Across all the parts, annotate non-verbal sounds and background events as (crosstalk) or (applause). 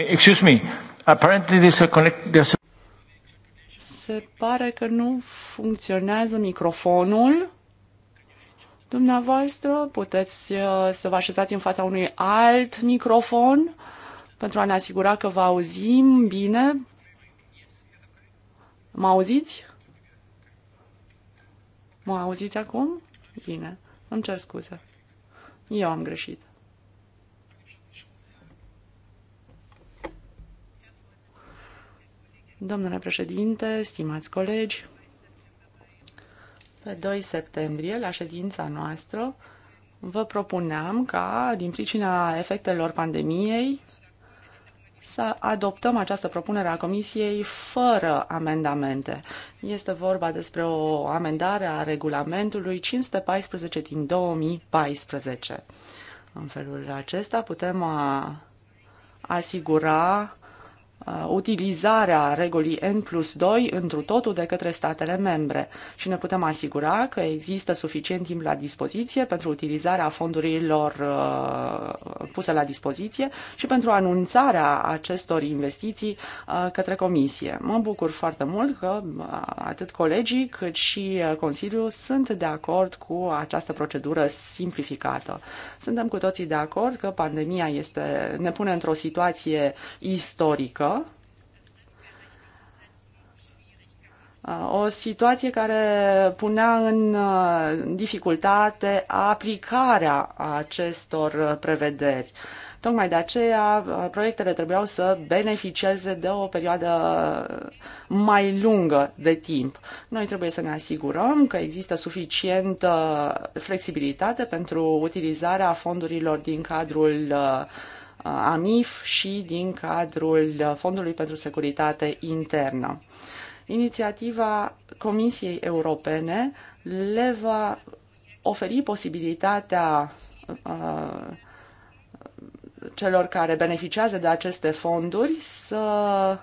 Excuse me. Apparently there's a connect, there's a... Se pare că nu funcționează microfonul. Dumneavoastră puteți uh, să vă așezați în fața unui alt microfon pentru a ne asigura că vă auzim bine. Mă auziți? Mă auziți acum? Bine, îmi cer scuze. Eu am greșit. Domnule președinte, stimați colegi, pe 2 septembrie, la ședința noastră, vă propuneam ca, din pricina efectelor pandemiei, să adoptăm această propunere a Comisiei fără amendamente. Este vorba despre o amendare a regulamentului 514 din 2014. În felul acesta putem asigura Uh, utilizarea regulii N plus 2 întru totul de către statele membre și ne putem asigura că există suficient timp la dispoziție pentru utilizarea fondurilor uh, puse la dispoziție și pentru anunțarea acestor investiții uh, către Comisie. Mă bucur foarte mult că atât colegii cât și Consiliul sunt de acord cu această procedură simplificată. Suntem cu toții de acord că pandemia este, ne pune într-o situație istorică Uh, o situație care punea în uh, dificultate aplicarea acestor uh, prevederi. Tocmai de aceea, proiectele trebuiau să beneficieze de o perioadă mai lungă de timp. Noi trebuie să ne asigurăm că există suficientă flexibilitate pentru utilizarea fondurilor din cadrul AMIF și din cadrul Fondului pentru Securitate Internă. Inițiativa Comisiei Europene le va oferi posibilitatea uh, celor care beneficiază de aceste fonduri să,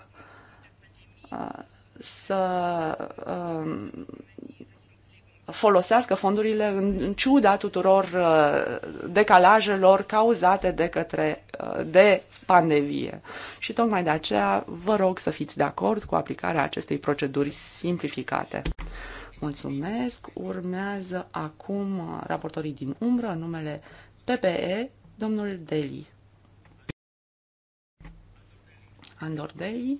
uh, să uh, folosească fondurile în ciuda tuturor uh, decalajelor cauzate de către uh, de pandemie. Și tocmai de aceea vă rog să fiți de acord cu aplicarea acestei proceduri simplificate. Mulțumesc. Urmează acum uh, raportorii din umbră, numele PPE, domnul Deli. Andor Deli.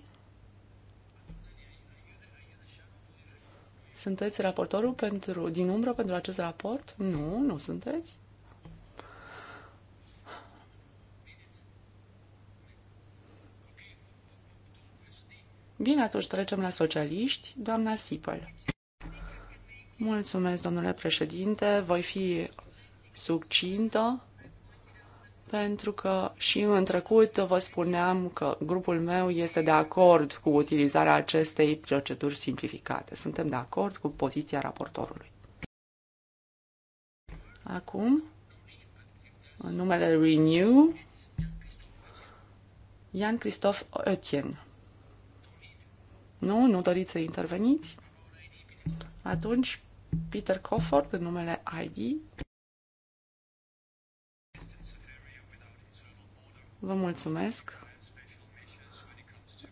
Sunteți raportorul pentru, din umbră pentru acest raport? Nu, nu sunteți. Bine, atunci trecem la socialiști. Doamna Sipăl. Mulțumesc, domnule președinte. Voi fi succintă pentru că și în trecut vă spuneam că grupul meu este de acord cu utilizarea acestei proceduri simplificate. Suntem de acord cu poziția raportorului. Acum, în numele Renew, Jan Christoph Oetjen. Nu? Nu doriți să interveniți? Atunci, Peter Cofford, în numele ID. Vă mulțumesc.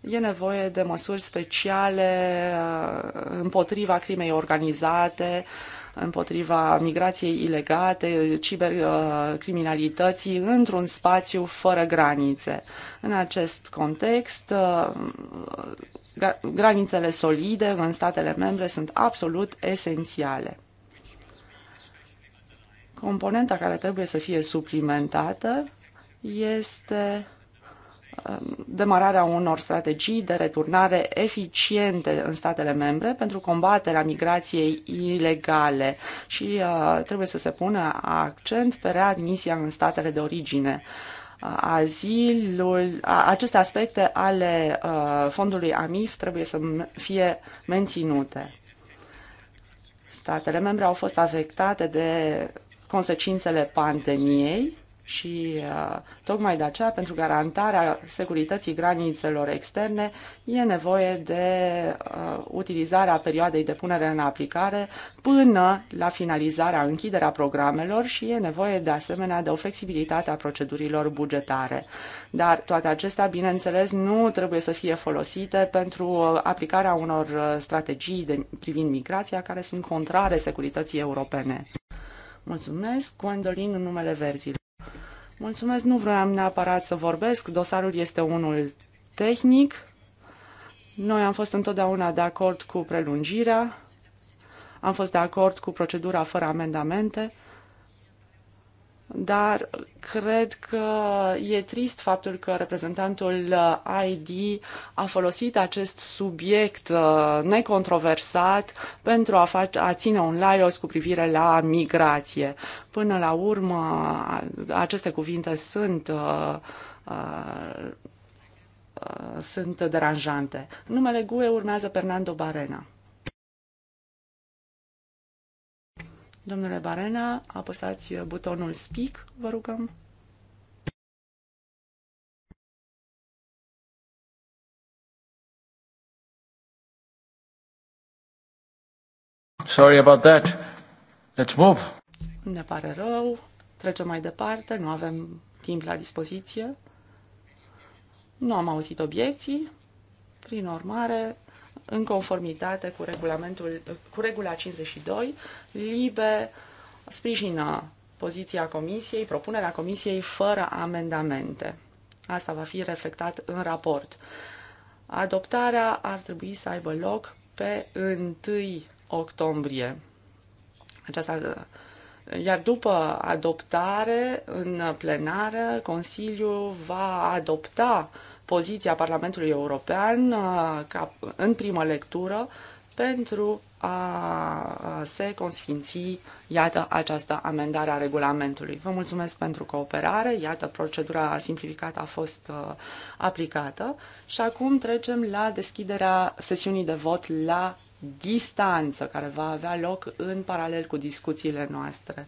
E nevoie de măsuri speciale uh, împotriva crimei organizate, împotriva migrației ilegate, cibercriminalității uh, într-un spațiu fără granițe. În acest context, uh, granițele solide în statele membre sunt absolut esențiale. Componenta care trebuie să fie suplimentată este um, demararea unor strategii de returnare eficiente în statele membre pentru combaterea migrației ilegale și uh, trebuie să se pună accent pe readmisia în statele de origine. azilul, aceste aspecte ale uh, fondului AMIF trebuie să fie menținute. Statele membre au fost afectate de consecințele pandemiei și uh, tocmai de aceea, pentru garantarea securității granițelor externe, e nevoie de uh, utilizarea perioadei de punere în aplicare până la finalizarea, închiderea programelor și e nevoie de asemenea de o flexibilitate a procedurilor bugetare. Dar toate acestea, bineînțeles, nu trebuie să fie folosite pentru uh, aplicarea unor strategii de, privind migrația care sunt contrare securității europene. Mulțumesc, Gwendolin, în numele verzilor. Mulțumesc, nu vreau neapărat să vorbesc, dosarul este unul tehnic. Noi am fost întotdeauna de acord cu prelungirea, am fost de acord cu procedura fără amendamente dar cred că e trist faptul că reprezentantul uh, ID a folosit acest subiect uh, necontroversat pentru a, face, a ține un laios cu privire la migrație. Până la urmă, uh, aceste cuvinte sunt uh, uh, sunt deranjante. Numele GUE urmează Fernando Barena. Domnule Barena, apăsați butonul Speak, vă rugăm. Sorry about that. Let's move. Ne pare rău. Trecem mai departe. Nu avem timp la dispoziție. Nu am auzit obiecții. Prin urmare, în conformitate cu, regulamentul, cu regula 52, LIBE sprijină poziția comisiei, propunerea comisiei fără amendamente. Asta va fi reflectat în raport. Adoptarea ar trebui să aibă loc pe 1 octombrie. Aceasta, iar după adoptare în plenară, Consiliul va adopta uh, poziția Parlamentului European uh, ca, în primă lectură pentru a se consfinți, iată, această amendare a regulamentului. Vă mulțumesc pentru cooperare, iată, procedura simplificată a fost uh, aplicată și acum trecem la deschiderea sesiunii de vot la distanță, care va avea loc în paralel cu discuțiile noastre.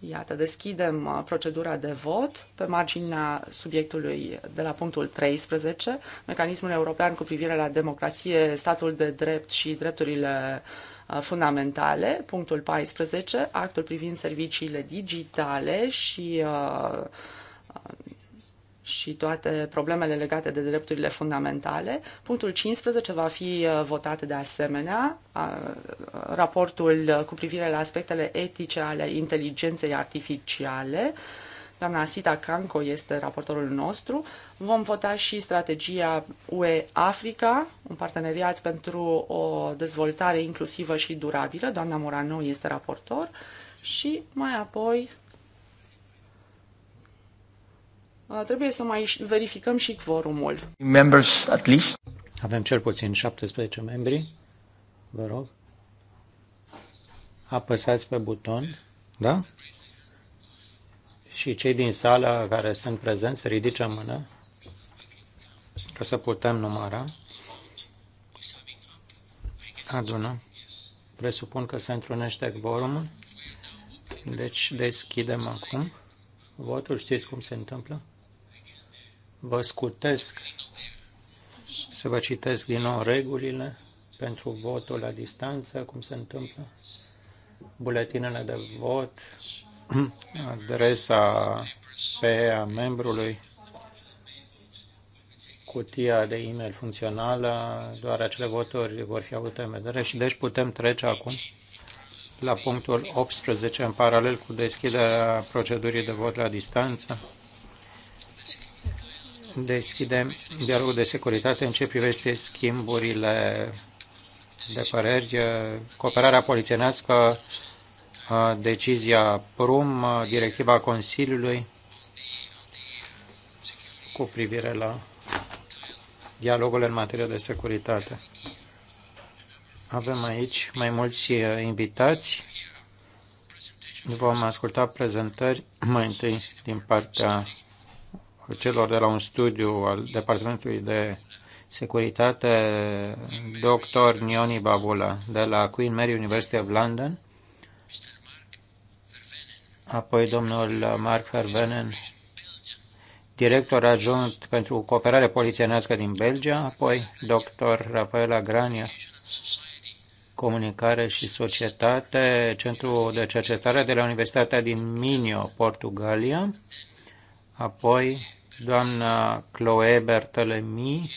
Iată, deschidem uh, procedura de vot pe marginea subiectului de la punctul 13, mecanismul european cu privire la democrație, statul de drept și drepturile uh, fundamentale, punctul 14, actul privind serviciile digitale și uh, și toate problemele legate de drepturile fundamentale. Punctul 15 va fi uh, votat de asemenea, raportul cu privire la aspectele etice ale inteligenței artificiale. Doamna Sita Canco este raportorul nostru. Vom vota și strategia UE-Africa, un parteneriat pentru o dezvoltare inclusivă și durabilă. Doamna Moranou este raportor. Și mai apoi Uh, trebuie să mai verificăm și quorumul. Members at least. Avem cel puțin 17 membri. Vă rog. Apăsați pe buton. Da? Și cei din sală care sunt prezenți să ridice mână ca să putem număra. Adună. Presupun că se întrunește vorumul. Deci deschidem acum. Votul știți cum se întâmplă? vă scutesc să vă citesc din nou regulile pentru votul la distanță, cum se întâmplă, buletinele de vot, (clears throat) adresa pe a membrului, cutia de e-mail funcțională, doar acele voturi vor fi avute în vedere și deci putem trece acum la punctul 18 în paralel cu deschiderea procedurii de vot la distanță deschidem dialogul de securitate în ce privește schimburile de păreri, eh, cooperarea polițienească, eh, decizia PRUM, eh, directiva Consiliului cu privire la dialogul în materie de securitate. Avem aici mai mulți invitați. Vom asculta prezentări mai întâi din partea celor de la un studiu al Departamentului de Securitate, dr. Nioni Babula, de la Queen Mary University of London, apoi domnul Mark Vervenen, director adjunct pentru cooperare polițienească din Belgia, apoi dr. Rafaela Grania, Comunicare și Societate, Centru de Cercetare de la Universitatea din Minho, Portugalia, apoi doamna Chloe Bertolemi,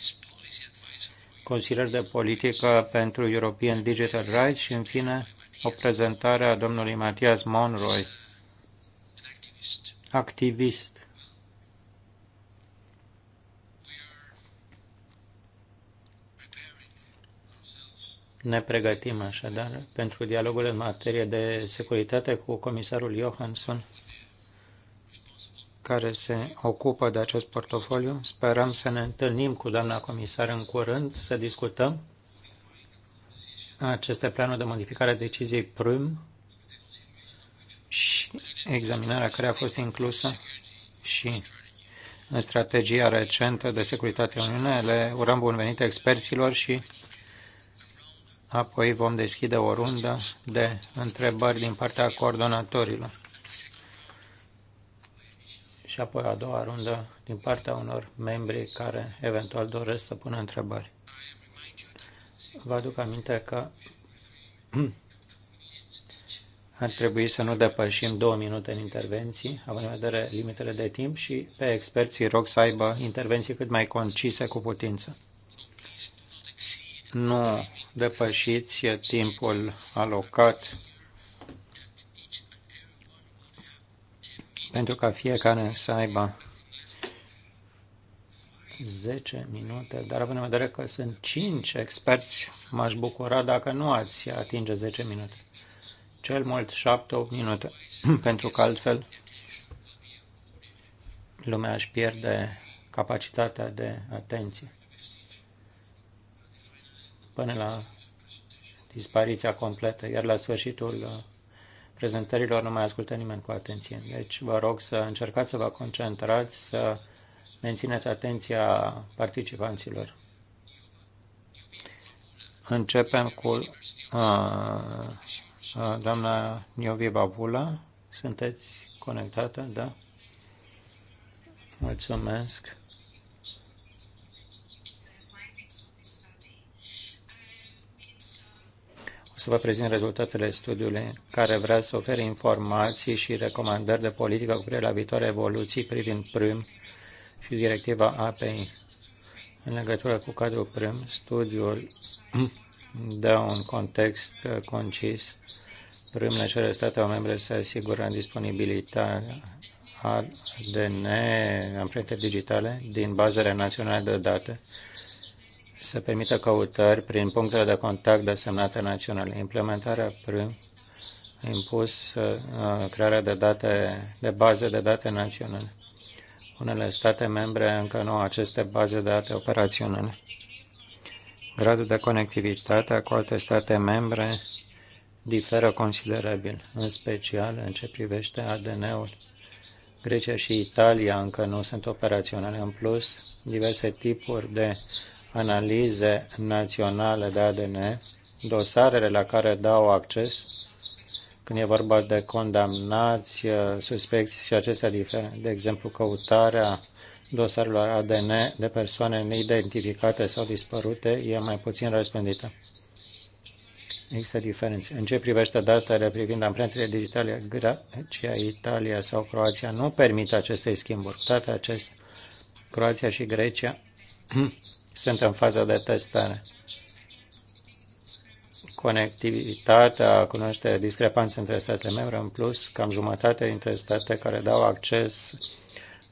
consilier de politică pentru European Digital Rights și, în fine, o prezentare a domnului Matias Monroy, activist. Ne pregătim așadar pentru dialogul în materie de securitate cu comisarul Johansson care se ocupă de acest portofoliu. Sperăm să ne întâlnim cu doamna comisar în curând, să discutăm aceste planuri de modificare a deciziei PRIM și examinarea care a fost inclusă și în strategia recentă de securitate a Uniunii. Le urăm bun venit experților și apoi vom deschide o rundă de întrebări din partea coordonatorilor și apoi a doua rundă din partea unor membri care eventual doresc să pună întrebări. Vă aduc aminte că (clears throat) ar trebui să nu depășim două minute în intervenții, având în vedere limitele de timp și pe experții rog să aibă intervenții cât mai concise cu putință. Nu depășiți timpul alocat pentru ca fiecare să aibă 10 minute, dar având în vedere că sunt 5 experți, m-aș bucura dacă nu ați atinge 10 minute. Cel mult 7-8 minute, (clears throat) pentru că altfel lumea își pierde capacitatea de atenție până la dispariția completă, iar la sfârșitul prezentărilor nu mai ascultă nimeni cu atenție. Deci vă rog să încercați să vă concentrați, să mențineți atenția participanților. Începem cu uh, uh, doamna Niovi Bavula. Sunteți conectată, da? Mulțumesc. să vă prezint rezultatele studiului care vrea să ofere informații și recomandări de politică cu privire la viitoare evoluții privind PRIM și directiva API. În legătură cu cadrul PRIM, studiul (clears throat) dă un context concis. PRIM le cere statelor membre să asigură disponibilitatea ADN, amprente digitale din bazele naționale de date să permită căutări prin punctele de contact desemnate naționale. Implementarea prim a impus uh, crearea de date, de baze de date naționale. Unele state membre încă nu au aceste baze de date operaționale. Gradul de conectivitate cu alte state membre diferă considerabil, în special în ce privește ADN-ul. Grecia și Italia încă nu sunt operaționale. În plus, diverse tipuri de analize naționale de ADN, dosarele la care dau acces când e vorba de condamnați, uh, suspecți și acestea diferite, De exemplu, căutarea dosarelor ADN de persoane neidentificate sau dispărute e mai puțin răspândită. Există diferențe. În ce privește datele privind amprentele digitale, Grecia, Italia sau Croația nu permit aceste schimburi. Toate acestea, Croația și Grecia Hmm. sunt în faza de testare. Conectivitatea cunoaște discrepanțe între statele membre, în plus cam jumătate dintre state care dau acces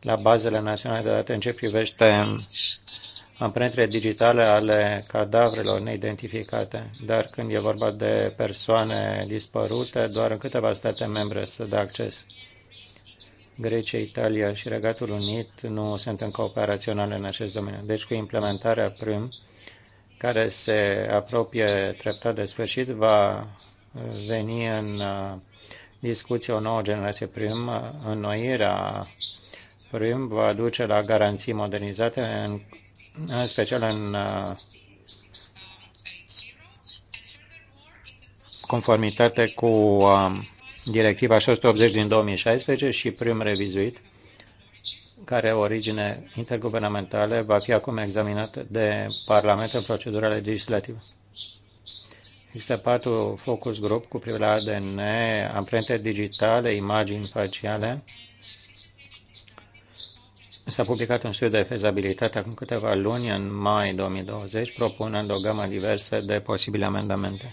la bazele naționale de date în ce privește amprentele digitale ale cadavrelor neidentificate, dar când e vorba de persoane dispărute, doar în câteva state membre să dă acces. Grecia, Italia și Regatul Unit nu sunt încă operaționale în acest domeniu. Deci cu implementarea prim, care se apropie treptat de sfârșit, va veni în uh, discuție o nouă generație prim, înnoirea prim va duce la garanții modernizate, în, în special în uh, conformitate cu um, directiva 680 din 2016 și prim revizuit, care origine interguvernamentale va fi acum examinat de Parlament în procedura legislativă. Există patru focus grup cu privire la ADN, amprente digitale, imagini faciale. S-a publicat un studiu de fezabilitate acum câteva luni, în mai 2020, propunând o gamă diversă de posibile amendamente.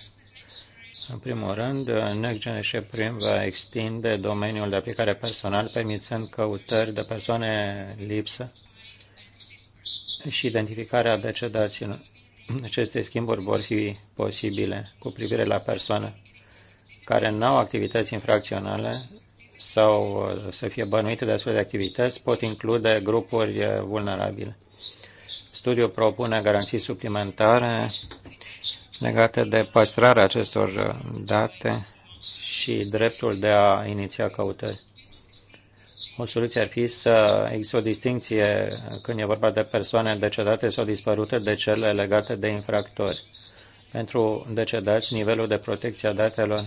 În primul rând, Next Generation Prim va extinde domeniul de aplicare personal, permițând căutări de persoane lipsă și identificarea decedaților. Aceste schimburi vor fi posibile cu privire la persoane care nu au activități infracționale sau să fie bănuite de astfel de activități, pot include grupuri vulnerabile. Studiul propune garanții suplimentare legate de păstrarea acestor date și dreptul de a iniția căutări. O soluție ar fi să există o distinție când e vorba de persoane decedate sau dispărute de cele legate de infractori. Pentru decedați, nivelul de protecție a datelor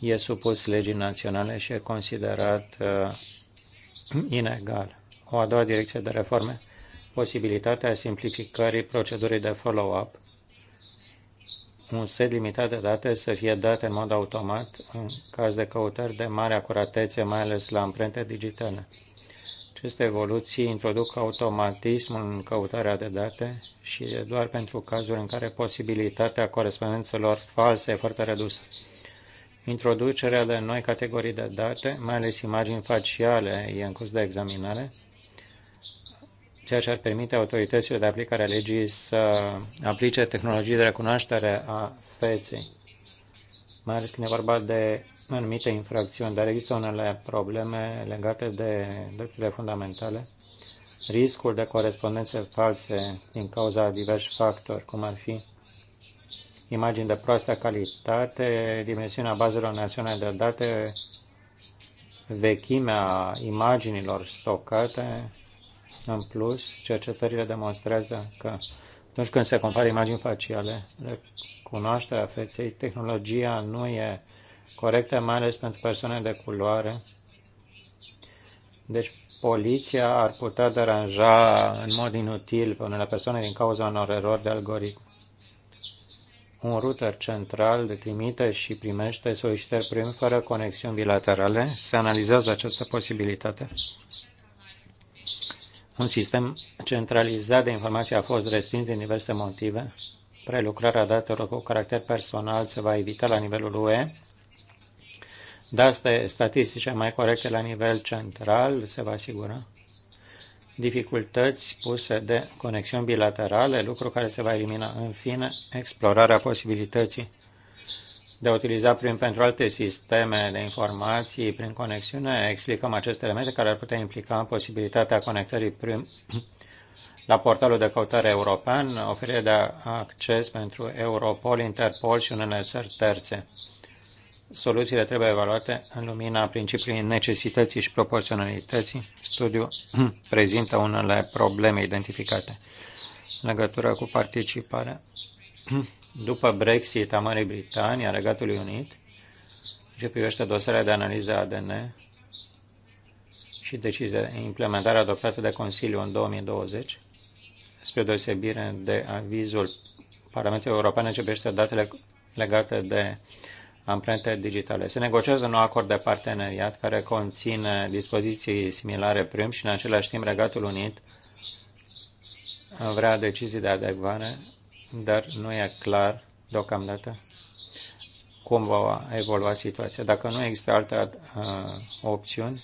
e supus legii naționale și e considerat uh, inegal. O a doua direcție de reforme, posibilitatea simplificării procedurii de follow-up un set limitat de date să fie date în mod automat în caz de căutări de mare acuratețe, mai ales la amprente digitale. Aceste evoluții introduc automatismul în căutarea de date și e doar pentru cazuri în care posibilitatea corespondențelor false e foarte redusă. Introducerea de noi categorii de date, mai ales imagini faciale, e în curs de examinare ceea ce ar permite autoritățile de aplicare a legii să aplice tehnologii de recunoaștere a feței, mai ales când e vorba de anumite infracțiuni, dar există unele probleme legate de drepturile fundamentale, riscul de corespondențe false din cauza diversi factori, cum ar fi imagini de proastă calitate, dimensiunea bazelor naționale de date, vechimea imaginilor stocate, în plus, cercetările demonstrează că atunci când se compară imagini faciale, recunoașterea feței, tehnologia nu e corectă, mai ales pentru persoane de culoare. Deci poliția ar putea deranja în mod inutil pe unele persoane din cauza unor erori de algoritm. Un router central de trimite și primește solicitări prim fără conexiuni bilaterale. Se analizează această posibilitate un sistem centralizat de informații a fost respins din diverse motive. Prelucrarea datelor cu caracter personal se va evita la nivelul UE. Dar statistice mai corecte la nivel central se va asigura dificultăți puse de conexiuni bilaterale, lucru care se va elimina. În fine, explorarea posibilității de a utiliza prin, pentru alte sisteme de informații prin conexiune, explicăm aceste elemente care ar putea implica posibilitatea conectării prin, la portalul de căutare european, oferire de acces pentru Europol, Interpol și unele țări terțe. Soluțiile trebuie evaluate în lumina principiului necesității și proporționalității. Studiul (clears throat) prezintă unele probleme identificate în legătură cu participarea după Brexit a Marii Britanii, a Regatului Unit, ce privește dosarea de analiză ADN și decizia de implementare adoptată de Consiliu în 2020, spre deosebire de avizul Parlamentului European ce privește datele legate de amprente digitale. Se negociază un nou acord de parteneriat care conține dispoziții similare prim și în același timp Regatul Unit vrea decizii de adecvare dar nu e clar deocamdată cum va evolua situația. Dacă nu există alte uh, opțiuni,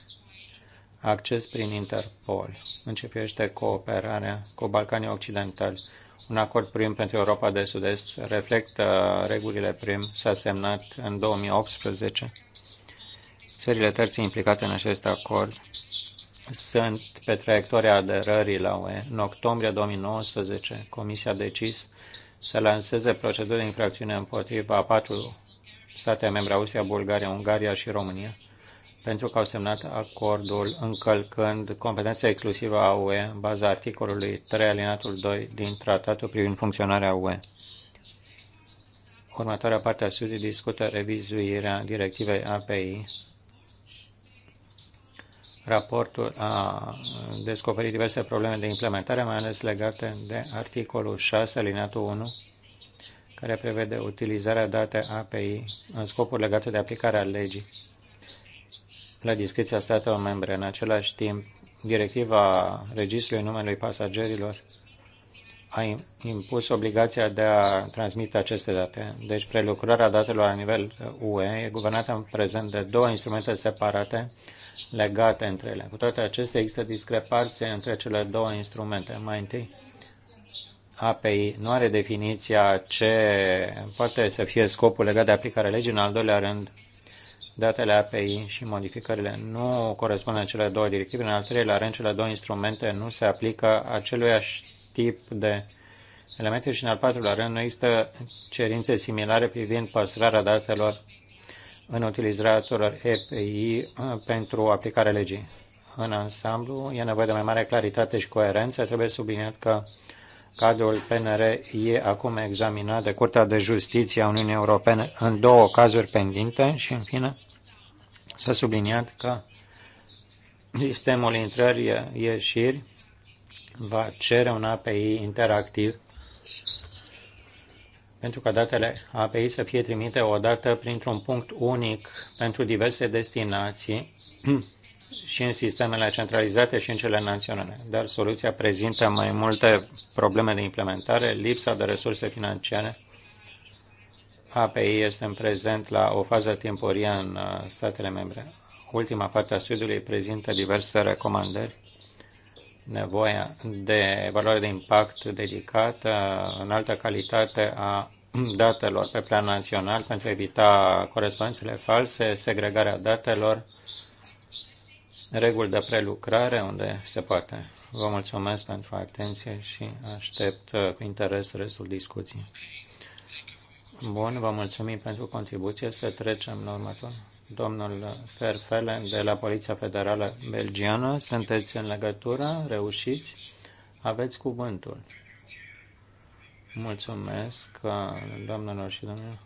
acces prin Interpol. Începește cooperarea cu Balcanii Occidentali. Un acord prim pentru Europa de Sud-Est reflectă regulile prim, s-a semnat în 2018. Țările terții implicate în acest acord sunt pe traiectoria aderării la UE. În octombrie 2019, Comisia a decis să lanseze proceduri de infracțiune împotriva patru state membre, Austria, Bulgaria, Ungaria și România, pentru că au semnat acordul încălcând competența exclusivă a UE în baza articolului 3 alinatul 2 din Tratatul privind funcționarea UE. Următoarea parte a studiului discută revizuirea directivei API Raportul a descoperit diverse probleme de implementare, mai ales legate de articolul 6, alineatul 1, care prevede utilizarea date API în scopuri legate de aplicarea legii la discreția statelor membre. În același timp, directiva Registrului Numelui Pasagerilor a impus obligația de a transmite aceste date. Deci prelucrarea datelor la nivel UE e guvernată în prezent de două instrumente separate legate între ele. Cu toate acestea, există discrepanțe între cele două instrumente. Mai întâi, API nu are definiția ce poate să fie scopul legat de aplicarea legii, în al doilea rând, datele API și modificările nu corespund în cele două directive, în al treilea rând, cele două instrumente nu se aplică aceluiași tip de elemente și, în al patrulea rând, nu există cerințe similare privind păstrarea datelor în utilizarea APi uh, pentru aplicarea legii. În ansamblu, e nevoie de mai mare claritate și coerență. Trebuie subliniat că cadrul PNR e acum examinat de Curtea de Justiție a Uniunii Europene în două cazuri pendinte și, în fine, s-a subliniat că sistemul intrări-ieșiri va cere un API interactiv pentru ca datele API să fie trimite odată printr-un punct unic pentru diverse destinații (clears throat) și în sistemele centralizate și în cele naționale. Dar soluția prezintă mai multe probleme de implementare, lipsa de resurse financiare. API este în prezent la o fază temporară în uh, statele membre. Ultima parte a studiului prezintă diverse recomandări nevoia de valoare de impact dedicată, în altă calitate a datelor pe plan național pentru a evita corespondențele false, segregarea datelor, reguli de prelucrare unde se poate. Vă mulțumesc pentru atenție și aștept uh, cu interes restul discuției. Bun, vă mulțumim pentru contribuție. Să trecem la următorul domnul Ferfele de la Poliția Federală Belgiană. Sunteți în legătură? Reușiți? Aveți cuvântul. Mulțumesc, doamnelor și domnilor.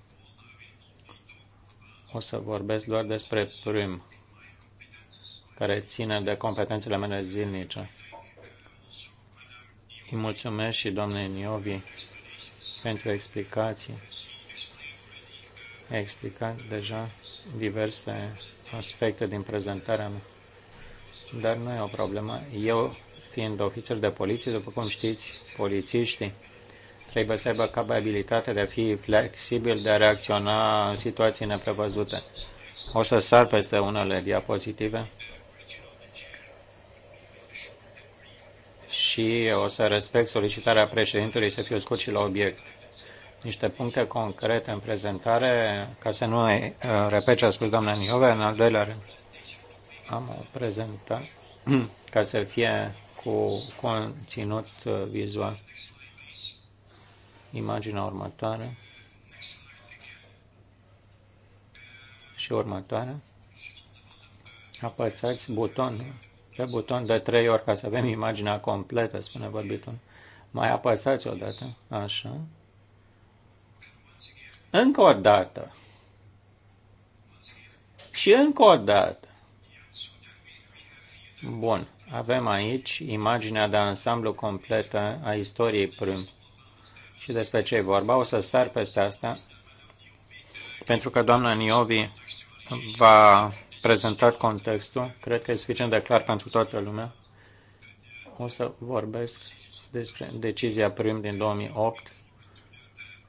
O să vorbesc doar despre prim, care ține de competențele mele zilnice. Îi mulțumesc și doamnei Niovi pentru explicații. explicat deja diverse aspecte din prezentarea mea, dar nu e o problemă. Eu, fiind ofițer de poliție, după cum știți, polițiștii trebuie să aibă capabilitatea de a fi flexibil, de a reacționa în situații neprevăzute. O să sar peste unele diapozitive și o să respect solicitarea președintelui să fiu scurt și la obiect niște puncte concrete în prezentare, ca să nu eh, repet ce a spus doamna Niove, în al doilea rând. Am o prezentare (clears throat) ca să fie cu conținut eh, vizual. Imaginea următoare și următoare. Apăsați butonul pe buton de trei ori ca să avem imaginea completă, spune vorbitul. Mai apăsați odată, așa, încă o dată. Și încă o dată. Bun. Avem aici imaginea de ansamblu completă a istoriei prim. Și despre ce e vorba? O să sar peste asta, pentru că doamna Niovi va prezentat contextul. Cred că e suficient de clar pentru toată lumea. O să vorbesc despre decizia prim din 2008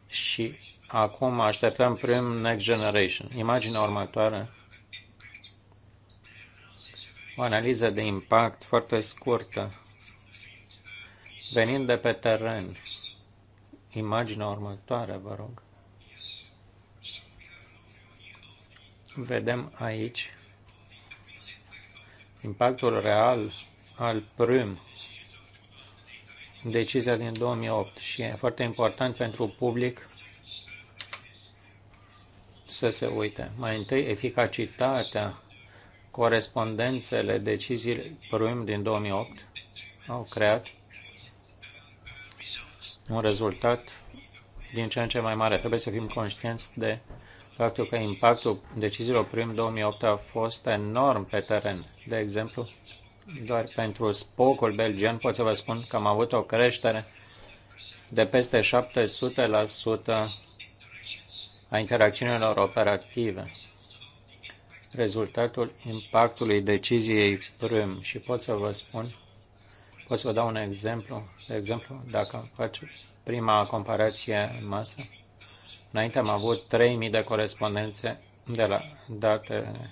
și Acum așteptăm prim Next Generation. Imaginea următoare. O analiză de impact foarte scurtă. Venind de pe teren. Imaginea următoare, vă rog. Vedem aici impactul real al prim decizia din 2008 și e foarte important pentru public să se uite. Mai întâi, eficacitatea, corespondențele deciziile prim din 2008 au creat un rezultat din ce în ce mai mare. Trebuie să fim conștienți de faptul că impactul deciziilor prim 2008 a fost enorm pe teren. De exemplu, doar pentru spocul belgian pot să vă spun că am avut o creștere de peste 700% a interacțiunilor operative, rezultatul impactului deciziei prim. Și pot să vă spun, pot să vă dau un exemplu. De exemplu, dacă fac prima comparație în masă, înainte am avut 3.000 de corespondențe de la date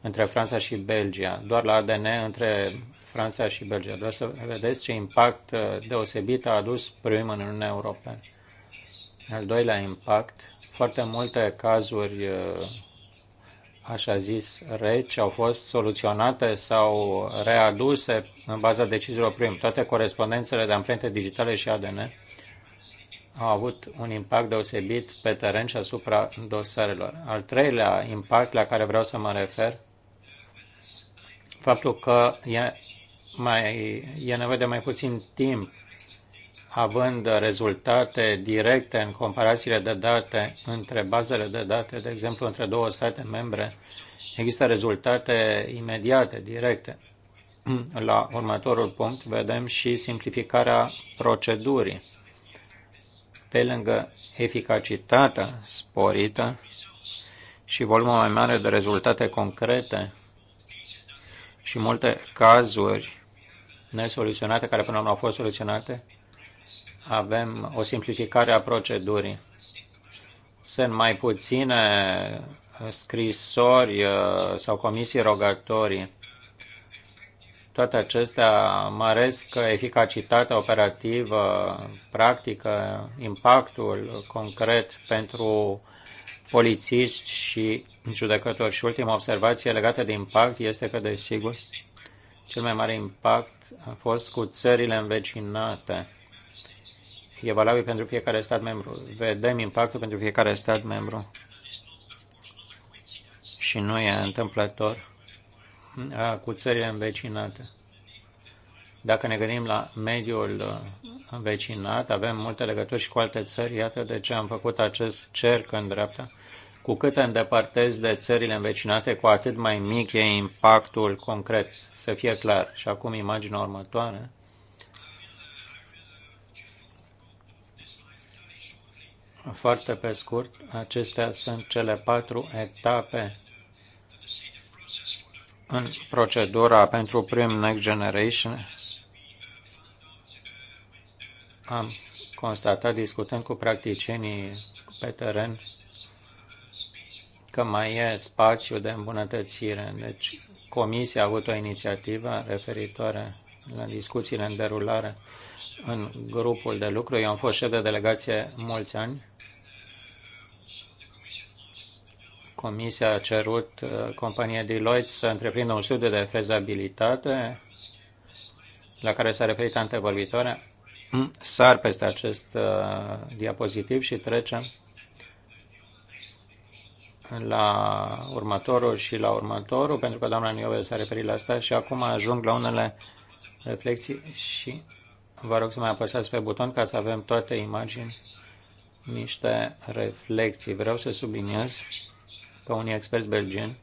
între Franța și Belgia, doar la ADN între Franța și Belgia. Doar să vedeți ce impact uh, deosebit a adus prim în Uniunea Europeană. Al doilea impact foarte multe cazuri, uh, așa zis, reci au fost soluționate sau readuse în baza deciziilor prim. Toate corespondențele de amprente digitale și ADN au avut un impact deosebit pe teren și asupra dosarelor. Al treilea impact la care vreau să mă refer, faptul că e, mai, e nevoie de mai puțin timp având rezultate directe în comparațiile de date între bazele de date, de exemplu, între două state membre, există rezultate imediate, directe. La următorul punct vedem și simplificarea procedurii. Pe lângă eficacitatea sporită și volumul mai mare de rezultate concrete și multe cazuri nesoluționate care până nu au fost soluționate, avem o simplificare a procedurii. Sunt mai puține scrisori uh, sau comisii rogatorii. Toate acestea măresc eficacitatea operativă, practică, impactul concret pentru polițiști și judecători. Și ultima observație legată de impact este că, desigur, cel mai mare impact a fost cu țările învecinate e valabil pentru fiecare stat membru. Vedem impactul pentru fiecare stat membru și nu e întâmplător cu țările învecinate. Dacă ne gândim la mediul uh, învecinat, avem multe legături și cu alte țări, iată de ce am făcut acest cerc în dreapta. Cu cât te îndepărtezi de țările învecinate, cu atât mai mic e impactul concret, să fie clar. Și acum imaginea următoare. Foarte pe scurt, acestea sunt cele patru etape în procedura pentru Prim Next Generation. Am constatat discutând cu practicienii pe teren că mai e spațiu de îmbunătățire. Deci, Comisia a avut o inițiativă referitoare la discuțiile în derulare în grupul de lucru. Eu am fost șef de delegație mulți ani Comisia a cerut uh, compania Deloitte să întreprindă un studiu de fezabilitate la care s-a referit antevorbitoarea. Sar peste acest uh, diapozitiv și trecem la următorul și la următorul, pentru că doamna Niove s-a referit la asta și acum ajung la unele reflexii și vă rog să mai apăsați pe buton ca să avem toate imagini, niște reflexii. Vreau să subliniez ca unii experți belgeni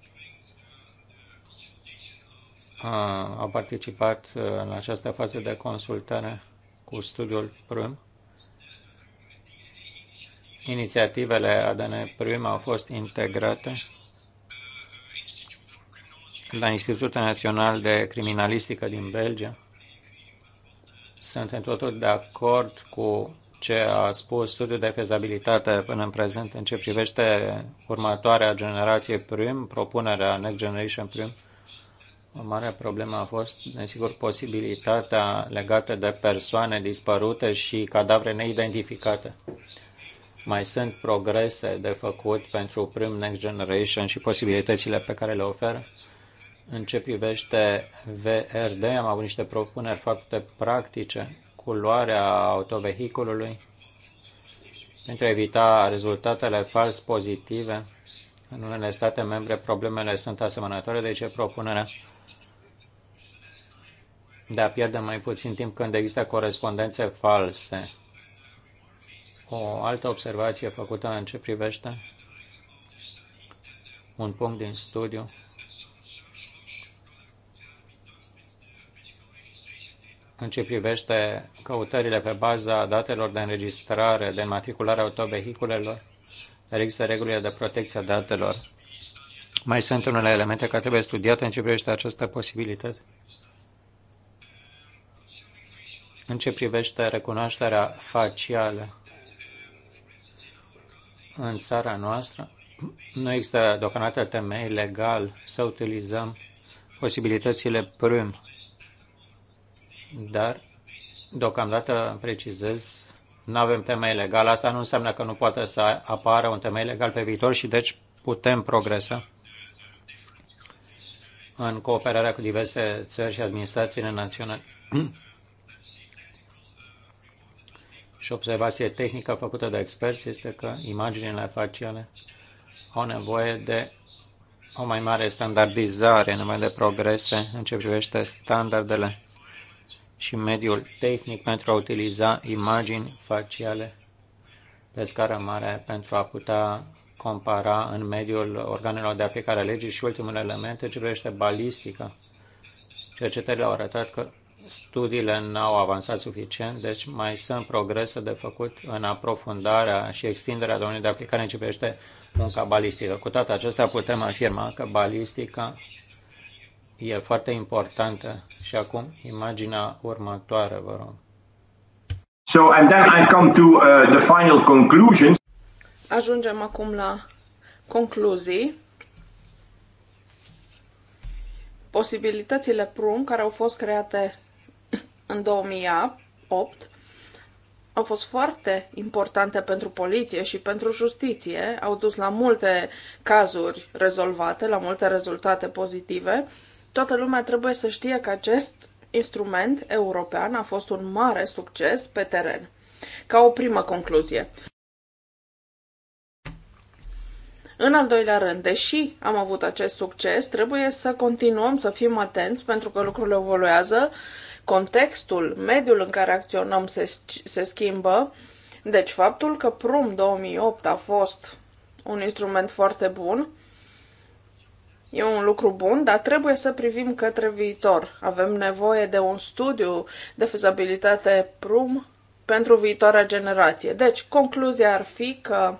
au participat în această fază de consultare cu studiul PRIM. Inițiativele ADN PRIM au fost integrate la Institutul Național de Criminalistică din Belgia. Sunt în totul de acord cu ce a spus studiul de fezabilitate până în prezent în ce privește următoarea generație prim, propunerea Next Generation prim, o mare problemă a fost, desigur, posibilitatea legată de persoane dispărute și cadavre neidentificate. Mai sunt progrese de făcut pentru prim Next Generation și posibilitățile pe care le oferă. În ce privește VRD, am avut niște propuneri foarte practice culoarea autovehiculului pentru a evita rezultatele fals pozitive. În unele state membre problemele sunt asemănătoare, de deci ce propunerea de a pierde mai puțin timp când există corespondențe false. O altă observație făcută în ce privește un punct din studiu în ce privește căutările pe baza datelor de înregistrare, de înmatriculare autovehiculelor, dar există regulile de protecție a datelor. Mai sunt unele elemente care trebuie studiate în ce privește această posibilitate. În ce privește recunoașterea facială în țara noastră, nu există deocamdată temei legal să utilizăm posibilitățile prim dar deocamdată precizez, nu avem temei legal. Asta nu înseamnă că nu poate să apară un temei legal pe viitor și deci putem progresa în cooperarea cu diverse țări și administrațiile naționale. și observație tehnică făcută de experți este că imaginile faciale au nevoie de o mai mare standardizare, numai de progrese în ce privește standardele și mediul tehnic pentru a utiliza imagini faciale pe scară mare pentru a putea compara în mediul organelor de aplicare a legii și ultimul element ce privește balistica. Cercetările au arătat că studiile n-au avansat suficient, deci mai sunt progrese de făcut în aprofundarea și extinderea domeniului de aplicare în ce privește munca balistică. Cu toate acestea putem afirma că balistica e foarte importantă. Și acum, imaginea următoare, vă rog. So, and then I come to uh, the final conclusions. Ajungem acum la concluzii. Posibilitățile prun care au fost create (coughs) în 2008, au fost foarte importante pentru poliție și pentru justiție, au dus la multe cazuri rezolvate, la multe rezultate pozitive Toată lumea trebuie să știe că acest instrument european a fost un mare succes pe teren. Ca o primă concluzie. În al doilea rând, deși am avut acest succes, trebuie să continuăm să fim atenți pentru că lucrurile evoluează, contextul, mediul în care acționăm se, se schimbă. Deci faptul că PRUM 2008 a fost un instrument foarte bun, E un lucru bun, dar trebuie să privim către viitor. Avem nevoie de un studiu de fezabilitate prum pentru viitoarea generație. Deci, concluzia ar fi că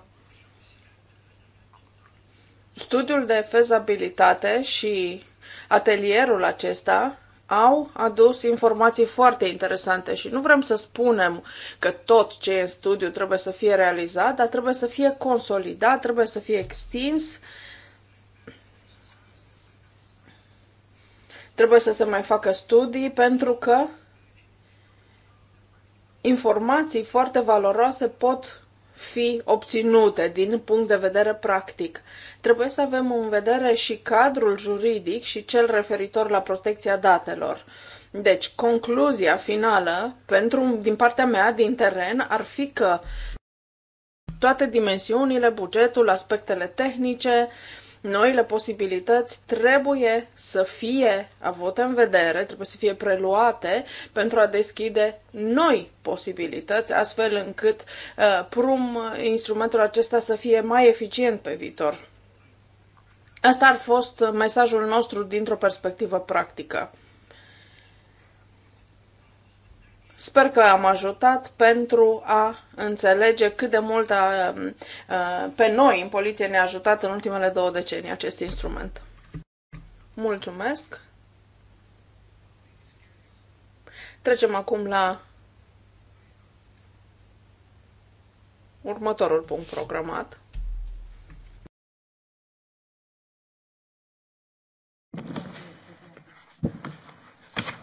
studiul de fezabilitate și atelierul acesta au adus informații foarte interesante și nu vrem să spunem că tot ce e în studiu trebuie să fie realizat, dar trebuie să fie consolidat, trebuie să fie extins Trebuie să se mai facă studii pentru că informații foarte valoroase pot fi obținute din punct de vedere practic. Trebuie să avem în vedere și cadrul juridic și cel referitor la protecția datelor. Deci, concluzia finală pentru, din partea mea din teren ar fi că toate dimensiunile, bugetul, aspectele tehnice, noile posibilități trebuie să fie avute în vedere, trebuie să fie preluate pentru a deschide noi posibilități, astfel încât uh, prum instrumentul acesta să fie mai eficient pe viitor. Asta ar fost mesajul nostru dintr-o perspectivă practică. Sper că am ajutat pentru a înțelege cât de mult a, um, a, uh, pe noi în poliție ne-a ajutat în ultimele două decenii acest instrument. Mulțumesc! Trecem acum la următorul punct programat.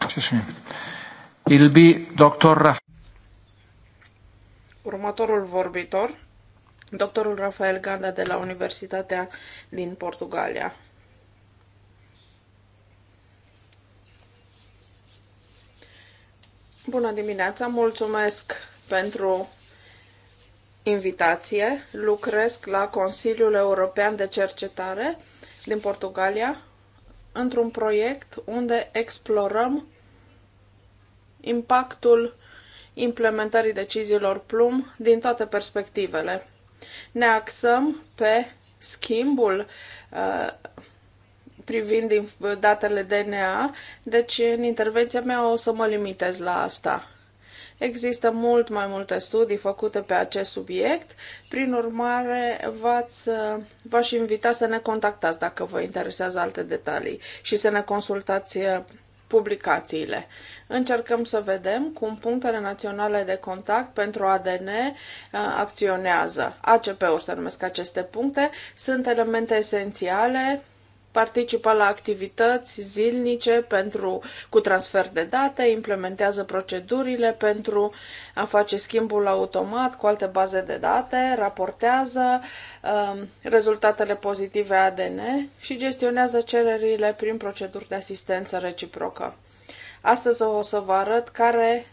Cieszę It'll be Dr. Raf Următorul vorbitor, doctorul Rafael Ganda de la Universitatea din Portugalia. Bună dimineața, mulțumesc pentru invitație. Lucrez la Consiliul European de Cercetare din Portugalia într-un proiect unde explorăm impactul implementării deciziilor Plum din toate perspectivele. Ne axăm pe schimbul uh, privind datele DNA, deci în intervenția mea o să mă limitez la asta. Există mult mai multe studii făcute pe acest subiect, prin urmare v-ați, uh, v-aș invita să ne contactați dacă vă interesează alte detalii și să ne consultați uh, publicațiile. Încercăm să vedem cum punctele naționale de contact pentru ADN uh, acționează. ACP-uri se numesc aceste puncte, sunt elemente esențiale participa la activități zilnice pentru, cu transfer de date, implementează procedurile pentru a face schimbul automat cu alte baze de date, raportează um, rezultatele pozitive ADN și gestionează cererile prin proceduri de asistență reciprocă. Astăzi o să vă arăt care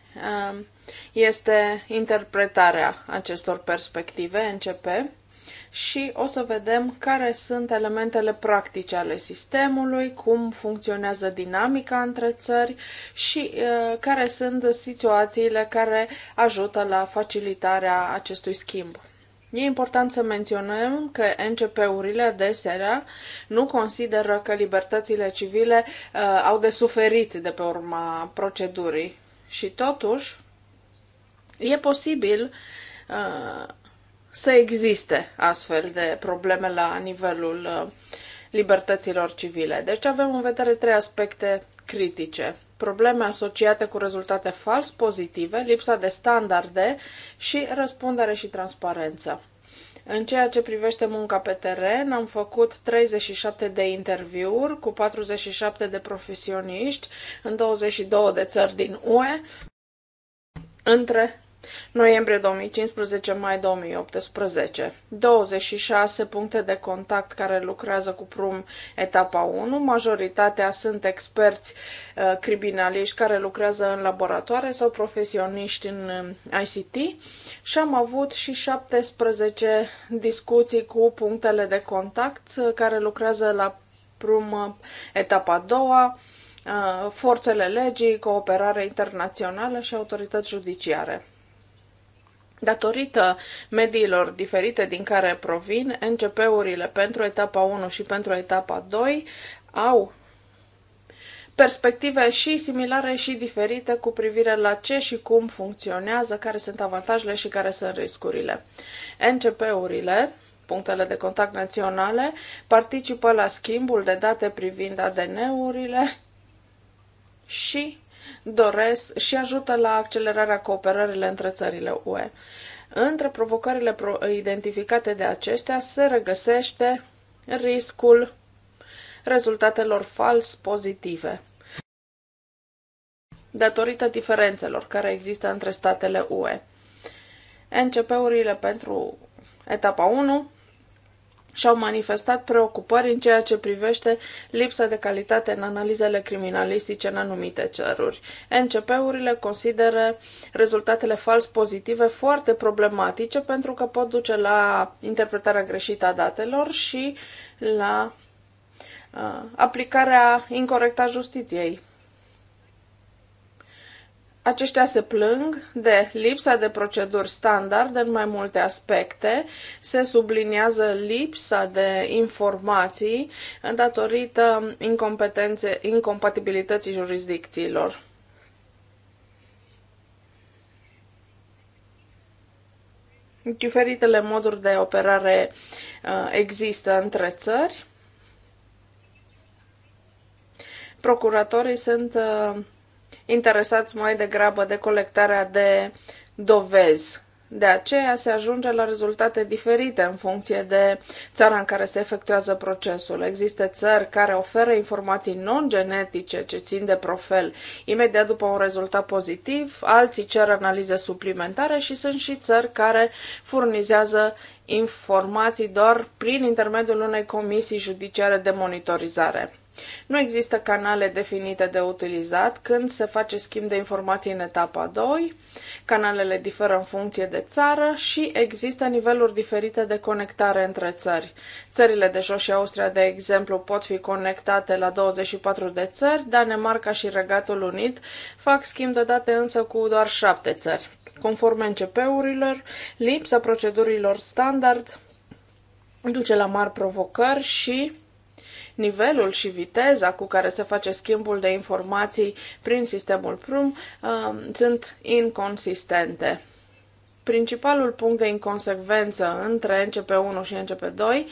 um, este interpretarea acestor perspective NCP și o să vedem care sunt elementele practice ale sistemului, cum funcționează dinamica între țări și uh, care sunt situațiile care ajută la facilitarea acestui schimb. E important să menționăm că NCP-urile adesea nu consideră că libertățile civile uh, au de suferit de pe urma procedurii. Și totuși, e posibil uh, să existe astfel de probleme la nivelul uh, libertăților civile. Deci avem în vedere trei aspecte critice. Probleme asociate cu rezultate fals pozitive, lipsa de standarde și răspundere și transparență. În ceea ce privește munca pe teren, am făcut 37 de interviuri cu 47 de profesioniști în 22 de țări din UE între noiembrie 2015, mai 2018. 26 puncte de contact care lucrează cu PRUM etapa 1. Majoritatea sunt experți uh, criminaliști care lucrează în laboratoare sau profesioniști în uh, ICT și am avut și 17 discuții cu punctele de contact uh, care lucrează la PRUM etapa 2 forțele legii, cooperare internațională și autorități judiciare. Datorită mediilor diferite din care provin, NCP-urile pentru etapa 1 și pentru etapa 2 au perspective și similare și diferite cu privire la ce și cum funcționează, care sunt avantajele și care sunt riscurile. NCP-urile punctele de contact naționale, participă la schimbul de date privind ADN-urile și doresc și ajută la accelerarea cooperării între țările UE. Între provocările identificate de acestea se regăsește riscul rezultatelor fals pozitive datorită diferențelor care există între statele UE. NCP-urile pentru etapa 1 și-au manifestat preocupări în ceea ce privește lipsa de calitate în analizele criminalistice în anumite ceruri. NCP-urile consideră rezultatele fals pozitive foarte problematice pentru că pot duce la interpretarea greșită a datelor și la uh, aplicarea incorrectă a justiției. Aceștia se plâng de lipsa de proceduri standard în mai multe aspecte, se subliniază lipsa de informații datorită incompatibilității jurisdicțiilor. Diferitele moduri de operare uh, există între țări. Procuratorii sunt uh, interesați mai degrabă de colectarea de dovezi. De aceea se ajunge la rezultate diferite în funcție de țara în care se efectuează procesul. Există țări care oferă informații non-genetice ce țin de profil imediat după un rezultat pozitiv, alții cer analize suplimentare și sunt și țări care furnizează informații doar prin intermediul unei comisii judiciare de monitorizare. Nu există canale definite de utilizat când se face schimb de informații în etapa 2, canalele diferă în funcție de țară și există niveluri diferite de conectare între țări. Țările de jos și Austria, de exemplu, pot fi conectate la 24 de țări, Danemarca și Regatul Unit fac schimb de date însă cu doar 7 țări. Conform NCP-urilor, lipsa procedurilor standard duce la mari provocări și nivelul și viteza cu care se face schimbul de informații prin sistemul PRUM uh, sunt inconsistente. Principalul punct de inconsecvență între NCP1 și NCP2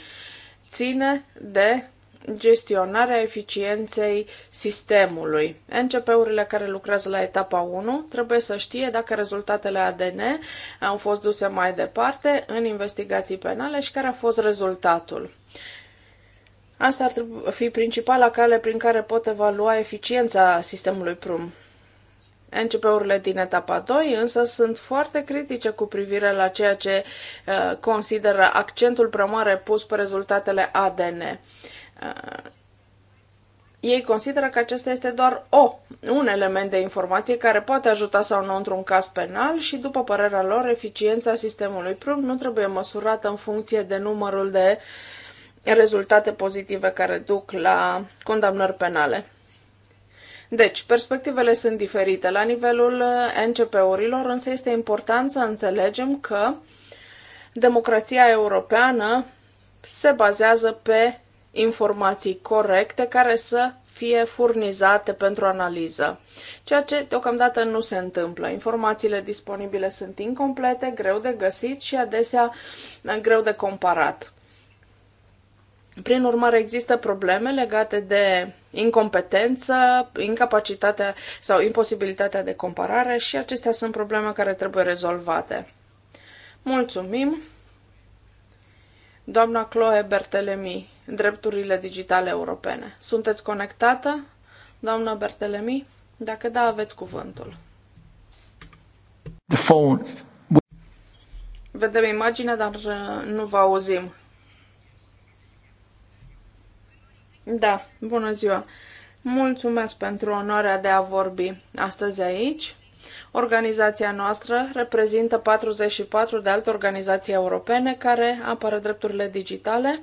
ține de gestionarea eficienței sistemului. NCP-urile care lucrează la etapa 1 trebuie să știe dacă rezultatele ADN au fost duse mai departe în investigații penale și care a fost rezultatul. Asta ar fi principala cale prin care pot evalua eficiența sistemului PRUM. NCP-urile din etapa 2 însă sunt foarte critice cu privire la ceea ce uh, consideră accentul prea mare pus pe rezultatele ADN. Uh, ei consideră că acesta este doar o, un element de informație care poate ajuta sau nu într-un caz penal și, după părerea lor, eficiența sistemului PRUM nu trebuie măsurată în funcție de numărul de uh, rezultate pozitive care duc la condamnări penale. Deci, perspectivele sunt diferite la nivelul NCP-urilor, însă este important să înțelegem că democrația europeană se bazează pe informații corecte care să fie furnizate pentru analiză, ceea ce deocamdată nu se întâmplă. Informațiile disponibile sunt incomplete, greu de găsit și adesea greu de comparat. Prin urmare, există probleme legate de incompetență, incapacitatea sau imposibilitatea de comparare și acestea sunt probleme care trebuie rezolvate. Mulțumim! Doamna Chloe Bertelemi, Drepturile Digitale Europene. Sunteți conectată, doamna Bertelemi? Dacă da, aveți cuvântul. The phone. Vedem imaginea, dar uh, nu vă auzim. Da, bună ziua! Mulțumesc pentru onoarea de a vorbi astăzi aici. Organizația noastră reprezintă 44 de alte organizații europene care apără drepturile digitale.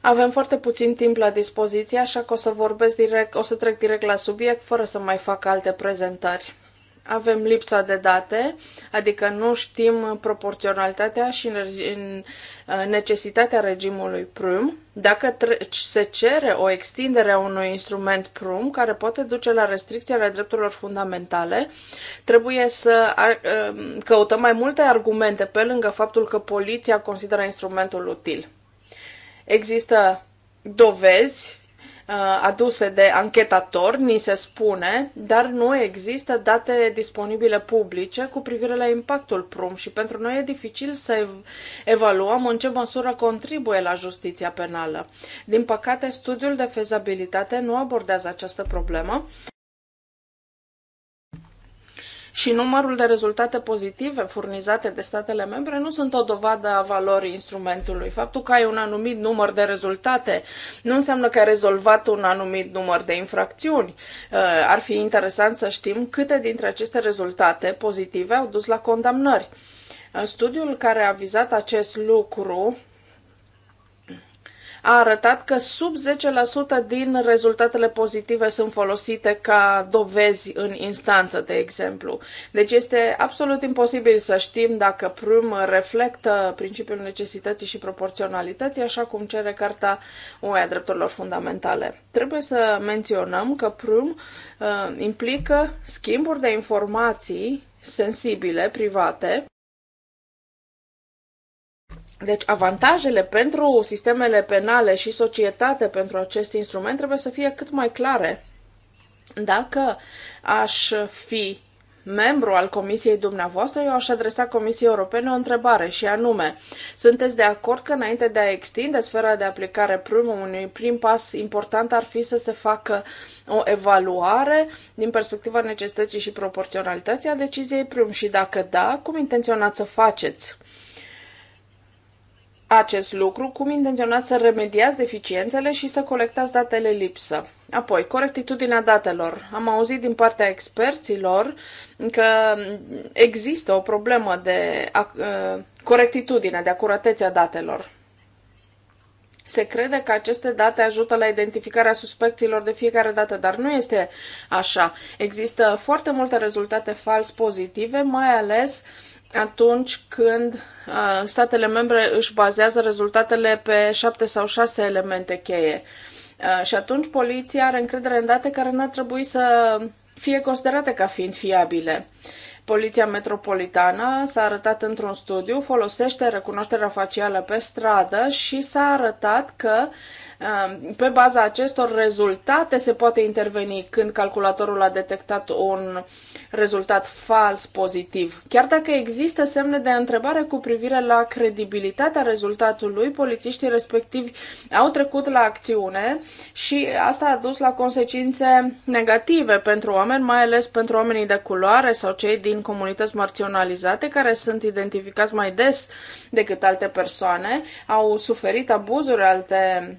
Avem foarte puțin timp la dispoziție, așa că o să vorbesc direct, o să trec direct la subiect fără să mai fac alte prezentări avem lipsa de date, adică nu știm proporționalitatea și uh, necesitatea regimului prum. Dacă se cere o extindere a unui instrument prum care poate duce la restricția ale drepturilor fundamentale, trebuie să uh, căutăm mai multe argumente pe lângă faptul că poliția consideră instrumentul util. Există dovezi Uh, aduse de anchetator, ni se spune, dar nu există date disponibile publice cu privire la impactul PRUM și pentru noi e dificil să evaluăm în ce măsură contribuie la justiția penală. Din păcate, studiul de fezabilitate nu abordează această problemă și numărul de rezultate pozitive furnizate de statele membre nu sunt o dovadă a valorii instrumentului. Faptul că ai un anumit număr de rezultate nu înseamnă că ai rezolvat un anumit număr de infracțiuni. Uh, ar fi interesant să știm câte dintre aceste rezultate pozitive au dus la condamnări. Uh, studiul care a vizat acest lucru, a arătat că sub 10% din rezultatele pozitive sunt folosite ca dovezi în instanță, de exemplu. Deci este absolut imposibil să știm dacă Prum reflectă principiul necesității și proporționalității, așa cum cere Carta UE a Drepturilor Fundamentale. Trebuie să menționăm că Prum uh, implică schimburi de informații sensibile, private, deci avantajele pentru sistemele penale și societate pentru acest instrument trebuie să fie cât mai clare. Dacă aș fi membru al comisiei dumneavoastră, eu aș adresa Comisiei Europene o întrebare și anume, sunteți de acord că înainte de a extinde sfera de aplicare primul unui prim pas important ar fi să se facă o evaluare din perspectiva necesității și proporționalității a deciziei prim și dacă da, cum intenționați să faceți acest lucru, cum intenționați să remediați deficiențele și să colectați datele lipsă. Apoi, corectitudinea datelor. Am auzit din partea experților că există o problemă de ă, corectitudine, de acuratețea datelor. Se crede că aceste date ajută la identificarea suspecțiilor de fiecare dată, dar nu este așa. Există foarte multe rezultate fals pozitive, mai ales uh, atunci când statele membre își bazează rezultatele pe șapte sau șase elemente cheie. Și atunci poliția are încredere în date care n-ar trebui să fie considerate ca fiind fiabile. Poliția Metropolitană s-a arătat într-un studiu, folosește recunoașterea facială pe stradă și s-a arătat că Um, pe baza acestor rezultate se poate interveni când calculatorul a detectat un rezultat fals pozitiv. Chiar dacă există semne de întrebare cu privire la credibilitatea rezultatului, polițiștii respectivi au trecut la acțiune și asta a dus la consecințe negative pentru oameni, mai ales pentru oamenii de culoare sau cei din comunități marginalizate care sunt identificați mai des decât alte persoane, au suferit abuzuri alte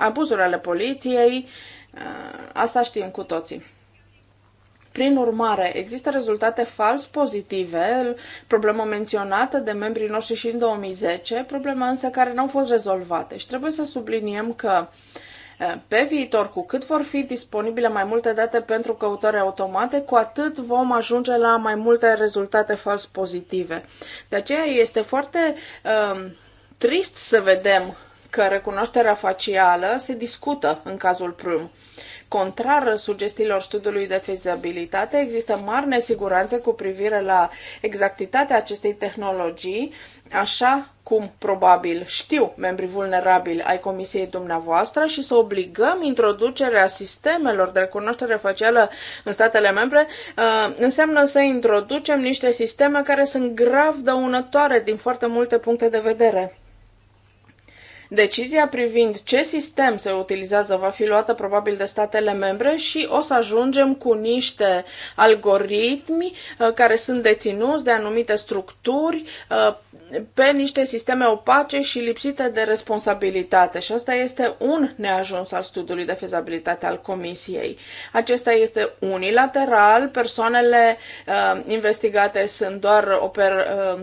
Abuzurile ale poliției, uh, asta știm cu toții. Prin urmare, există rezultate fals pozitive, problemă menționată de membrii noștri și în 2010, problema însă care nu au fost rezolvate și trebuie să subliniem că uh, pe viitor, cu cât vor fi disponibile mai multe date pentru căutări automate, cu atât vom ajunge la mai multe rezultate fals pozitive. De aceea este foarte uh, trist să vedem că recunoașterea facială se discută în cazul prâm. Contrar sugestiilor studiului de fezabilitate, există mari nesiguranțe cu privire la exactitatea acestei tehnologii, așa cum probabil știu membrii vulnerabili ai comisiei dumneavoastră și să obligăm introducerea sistemelor de recunoaștere facială în statele membre, uh, înseamnă să introducem niște sisteme care sunt grav dăunătoare din foarte multe puncte de vedere. Decizia privind ce sistem se utilizează va fi luată probabil de statele membre și o să ajungem cu niște algoritmi uh, care sunt deținuți de anumite structuri uh, pe niște sisteme opace și lipsite de responsabilitate. Și asta este un neajuns al studiului de fezabilitate al Comisiei. Acesta este unilateral, persoanele uh, investigate sunt doar oper-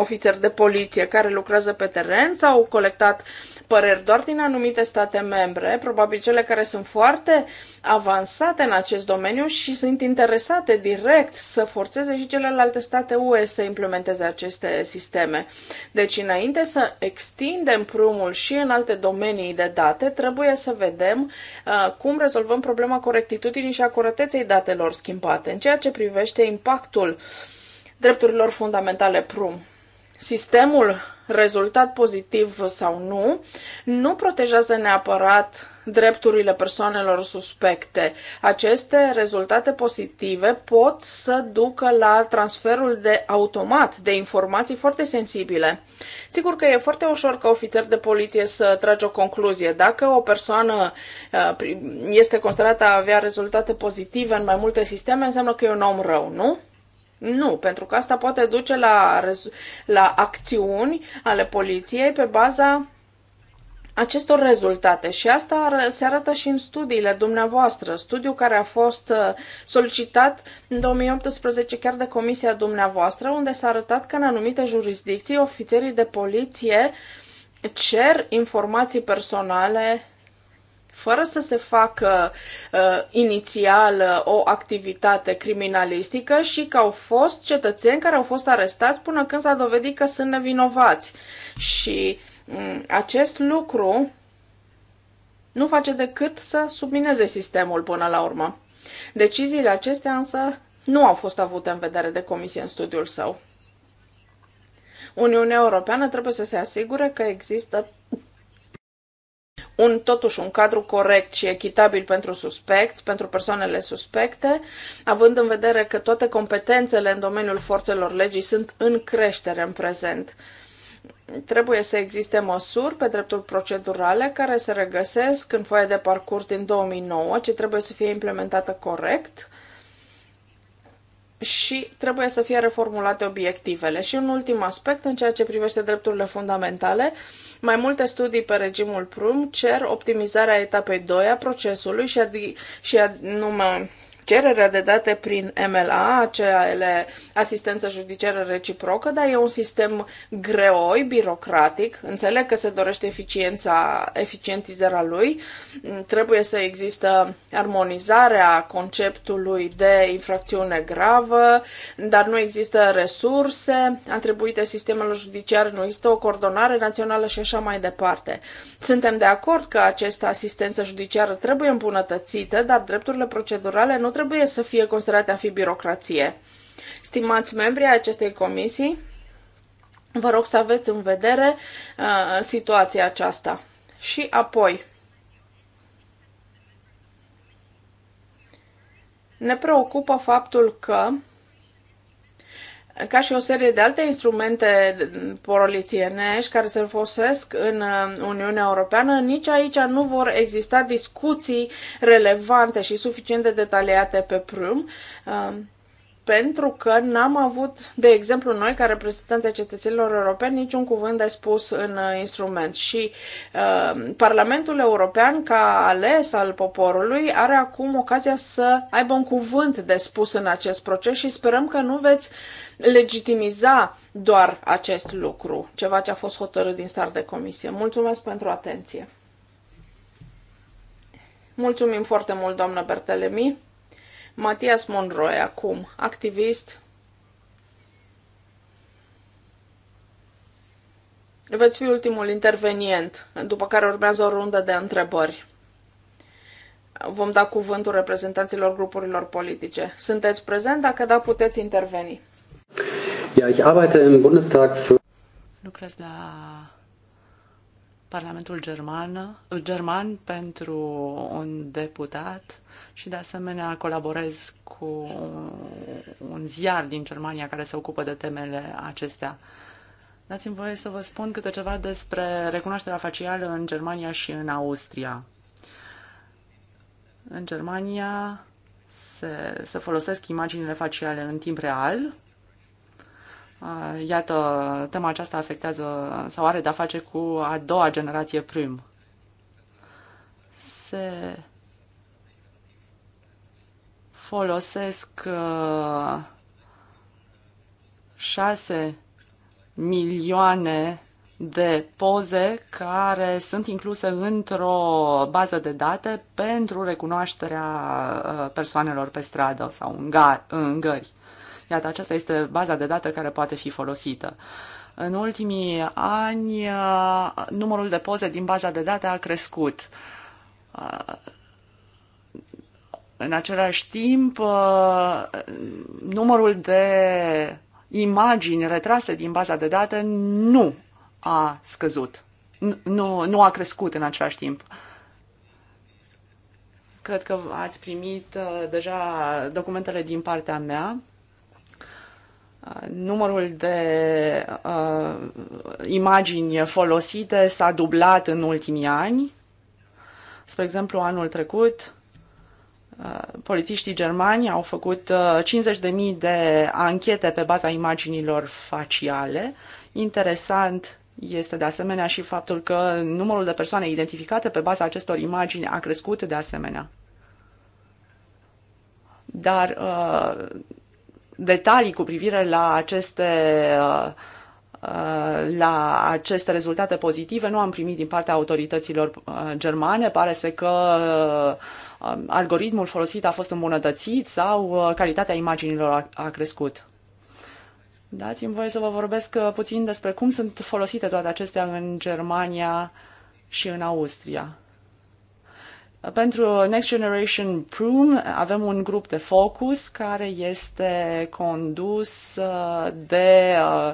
ofițeri de poliție care lucrează pe teren, sau au colectat păreri doar din anumite state membre, probabil cele care sunt foarte avansate în acest domeniu și sunt interesate direct să forțeze și celelalte state UE să implementeze aceste sisteme. Deci, înainte să extindem prumul și în alte domenii de date, trebuie să vedem uh, cum rezolvăm problema corectitudinii și a acurateței datelor schimbate, în ceea ce privește impactul drepturilor fundamentale prum sistemul rezultat pozitiv sau nu, nu protejează neapărat drepturile persoanelor suspecte. Aceste rezultate pozitive pot să ducă la transferul de automat de informații foarte sensibile. Sigur că e foarte ușor ca ofițer de poliție să tragi o concluzie. Dacă o persoană uh, este considerată a avea rezultate pozitive în mai multe sisteme, înseamnă că e un om rău, nu? Nu, pentru că asta poate duce la, la acțiuni ale poliției pe baza acestor rezultate și asta se arată și în studiile dumneavoastră, studiu care a fost uh, solicitat în 2018 chiar de comisia dumneavoastră, unde s-a arătat că în anumite jurisdicții ofițerii de poliție cer informații personale fără să se facă uh, inițial uh, o activitate criminalistică și că au fost cetățeni care au fost arestați până când s-a dovedit că sunt nevinovați. Și um, acest lucru nu face decât să submineze sistemul până la urmă. Deciziile acestea însă nu au fost avute în vedere de comisie în studiul său. Uniunea Europeană trebuie să se asigure că există un, totuși un cadru corect și echitabil pentru suspecți, pentru persoanele suspecte, având în vedere că toate competențele în domeniul forțelor legii sunt în creștere în prezent. Trebuie să existe măsuri pe drepturi procedurale care se regăsesc în foaia de parcurs din 2009, ce trebuie să fie implementată corect și trebuie să fie reformulate obiectivele. Și un ultim aspect în ceea ce privește drepturile fundamentale, uh, mai multe studii pe regimul PRUM cer optimizarea etapei 2 a procesului și, adi- și numai cererea de date prin MLA, ele asistență judiciară reciprocă, dar e un sistem greoi, birocratic. Înțeleg că se dorește eficiența, eficientizarea lui. Mm, trebuie să există armonizarea conceptului de infracțiune gravă, dar nu există resurse atribuite sistemelor judiciare, nu există o coordonare națională și așa mai departe. Suntem de acord că această asistență judiciară trebuie îmbunătățită, dar drepturile procedurale nu trebuie să fie considerate a fi birocrație. Stimați membri ai acestei comisii, vă rog să aveți în vedere uh, situația aceasta. Și apoi, ne preocupă faptul că ca și o serie de alte instrumente polițienești care se folosesc în uh, Uniunea Europeană, nici aici nu vor exista discuții relevante și suficient de detaliate pe prum. Uh, pentru că n-am avut, de exemplu, noi, ca reprezentanții cetățenilor europeni, niciun cuvânt de spus în uh, instrument. Și uh, Parlamentul European, ca ales al poporului, are acum ocazia să aibă un cuvânt de spus în acest proces și sperăm că nu veți legitimiza doar acest lucru, ceva ce a fost hotărât din start de comisie. Mulțumesc pentru atenție! Mulțumim foarte mult, doamnă Bertelemi! Matias Monroe, acum, activist. Veți fi ultimul intervenient, după care urmează o rundă de întrebări. Vom da cuvântul reprezentanților grupurilor politice. Sunteți prezent? Dacă da, puteți interveni. Ja, ich arbeite im Bundestag für... Lucrez la Parlamentul German, German pentru un deputat și de asemenea colaborez cu un ziar din Germania care se ocupă de temele acestea. Dați-mi voie să vă spun câte ceva despre recunoașterea facială în Germania și în Austria. În Germania se, se folosesc imaginile faciale în timp real Iată, tema aceasta afectează sau are de-a face cu a doua generație prim. Se folosesc șase milioane de poze care sunt incluse într-o bază de date pentru recunoașterea persoanelor pe stradă sau în, gar- în gări. Iată, aceasta este baza de date care poate fi folosită. În ultimii ani, uh, numărul de poze din baza de date a crescut. Uh, în același timp, uh, numărul de imagini retrase din baza de date nu a scăzut, nu, nu a crescut în același timp. Cred că ați primit deja documentele din partea mea numărul de uh, imagini folosite s-a dublat în ultimii ani. Spre exemplu, anul trecut, uh, polițiștii germani au făcut uh, 50.000 de anchete pe baza imaginilor faciale. Interesant este de asemenea și faptul că numărul de persoane identificate pe baza acestor imagini a crescut de asemenea. Dar uh, detalii cu privire la aceste uh, la aceste rezultate pozitive nu am primit din partea autorităților uh, germane. Pare să că uh, algoritmul folosit a fost îmbunătățit sau calitatea imaginilor a crescut. Dați-mi voie să vă vorbesc puțin despre cum sunt folosite toate acestea în Germania și în Austria. Uh, pentru Next Generation Prune avem un grup de focus care este condus uh, de uh,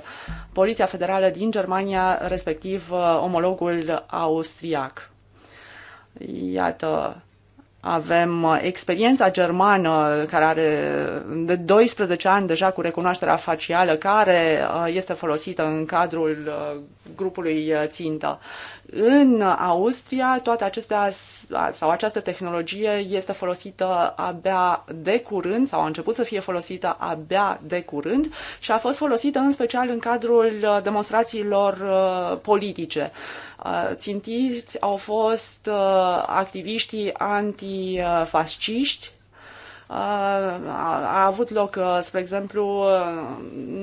Poliția Federală din Germania, respectiv omologul austriac. Iată, avem experiența germană care are de 12 ani deja cu recunoașterea facială, care este folosită în cadrul grupului uh, țintă. În Austria, toate acestea sau această tehnologie este folosită abia de curând sau a început să fie folosită abia de curând și a fost folosită în special în cadrul uh, demonstrațiilor uh, politice. Țintiți au fost activiștii antifasciști a avut loc, uh, spre exemplu, uh,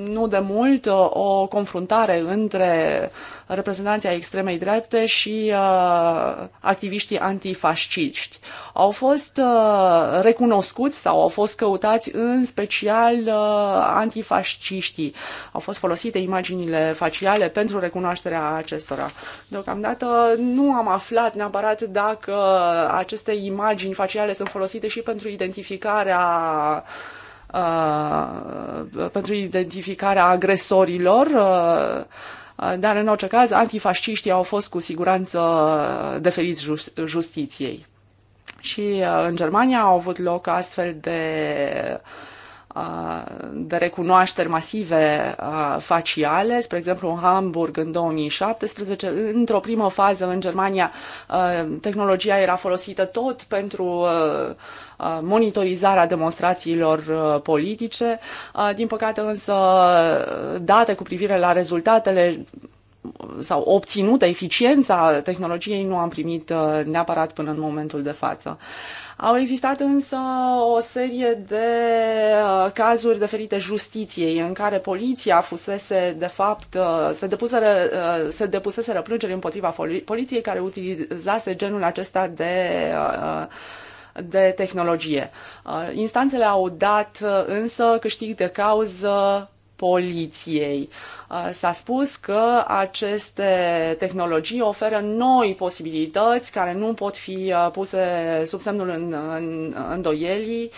nu de mult uh, o confruntare între reprezentanții extremei drepte și activiștii antifasciști. Au fost recunoscuți sau au fost căutați în special antifasciștii. Au fost folosite imaginile faciale pentru recunoașterea acestora. Deocamdată nu am aflat neapărat dacă aceste imagini faciale sunt folosite și pentru identificarea identificarea uh, pentru identificarea agresorilor, uh, dar în orice caz antifasciștii au fost cu siguranță deferiți justiției. Și uh, în Germania au avut loc astfel de uh, de recunoașteri masive faciale, spre exemplu în Hamburg în 2017. Într-o primă fază în Germania tehnologia era folosită tot pentru monitorizarea demonstrațiilor politice. Din păcate însă date cu privire la rezultatele sau obținută eficiența tehnologiei nu am primit uh, neapărat până în momentul de față. Au existat însă o serie de uh, cazuri deferite justiției în care poliția fusese, de fapt, uh, se, depuseră, se depuseseră plângeri împotriva poliției care utilizase genul acesta de de tehnologie. Instanțele au dat însă câștig de cauză poliției. S-a spus că aceste tehnologii oferă noi posibilități care nu pot fi puse sub semnul în, în, îndoielii,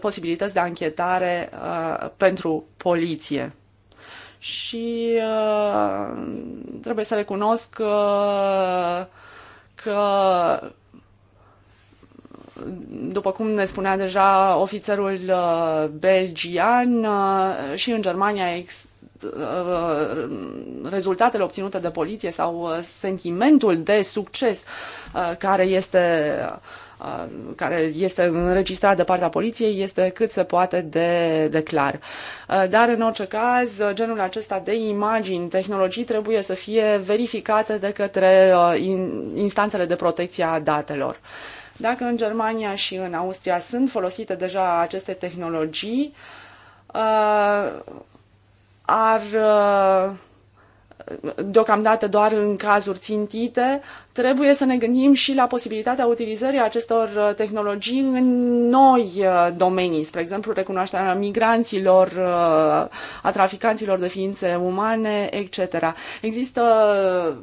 posibilități de anchetare pentru poliție și trebuie să recunosc că, că după cum ne spunea deja ofițerul uh, belgian, uh, și în Germania ex- uh, rezultatele obținute de poliție sau sentimentul de succes care este care este înregistrat de partea poliției este cât se poate de, de clar. Dar, în orice caz, genul acesta de imagini, tehnologii trebuie să fie verificate de către instanțele de protecție a datelor. Dacă în Germania și în Austria sunt folosite deja aceste tehnologii, uh, ar uh, deocamdată doar în cazuri țintite, trebuie să ne gândim și la posibilitatea utilizării acestor uh, tehnologii în noi uh, domenii, spre exemplu recunoașterea migranților, uh, a traficanților de ființe umane, etc. Există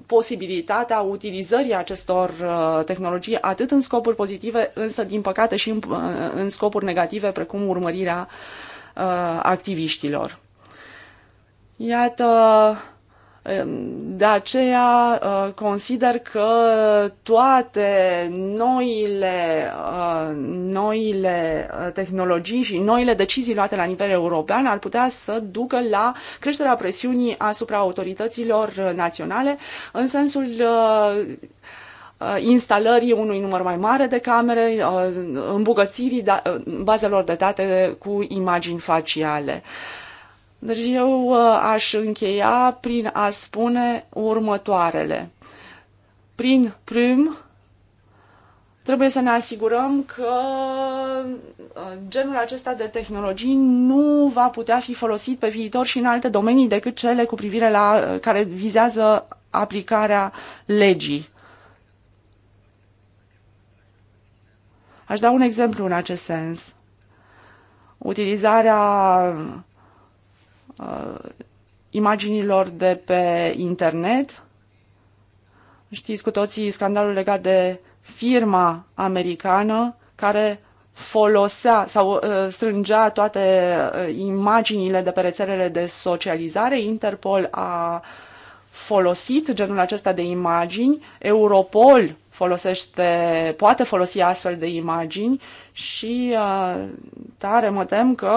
posibilitatea utilizării acestor tehnologii atât în scopuri pozitive, însă din păcate și în, în scopuri negative, precum urmărirea activiștilor. Iată de aceea uh, consider că toate noile, uh, noile uh, tehnologii și noile decizii luate la nivel european ar putea să ducă la creșterea presiunii asupra autorităților naționale în sensul instalării unui număr mai mare de camere, îmbugățirii da, bazelor de date cu imagini faciale. Deci eu uh, aș încheia prin a spune următoarele. Prin prim, trebuie să ne asigurăm că uh, genul acesta de tehnologii nu va putea fi folosit pe viitor și în alte domenii decât cele cu privire la uh, care vizează aplicarea legii. Aș da un exemplu în acest sens. Utilizarea Uh, imaginilor de pe internet. Știți cu toții scandalul legat de firma americană care folosea sau uh, strângea toate uh, imaginile de pe rețelele de socializare. Interpol a folosit genul acesta de imagini, Europol folosește, poate folosi astfel de imagini și tare mă tem că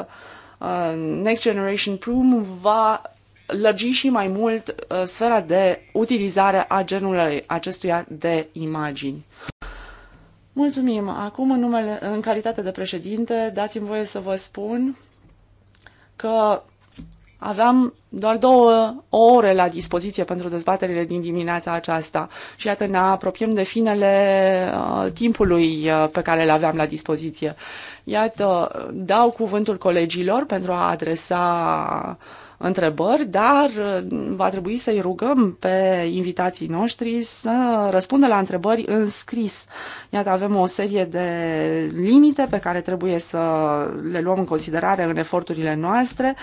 uh, Uh, Next Generation Prum va lărgi și mai mult uh, sfera de utilizare a genului acestuia de imagini. Mulțumim! Acum, în, numele, în calitate de președinte, dați-mi voie să vă spun că Aveam doar două ore la dispoziție pentru dezbaterile din dimineața aceasta și iată ne apropiem de finele uh, timpului uh, pe care îl aveam la dispoziție. Iată, dau cuvântul colegilor pentru a adresa uh, întrebări, dar uh, va trebui să-i rugăm pe invitații noștri să răspundă la întrebări în scris. Iată, avem o serie de limite pe care trebuie să le luăm în considerare în eforturile noastre.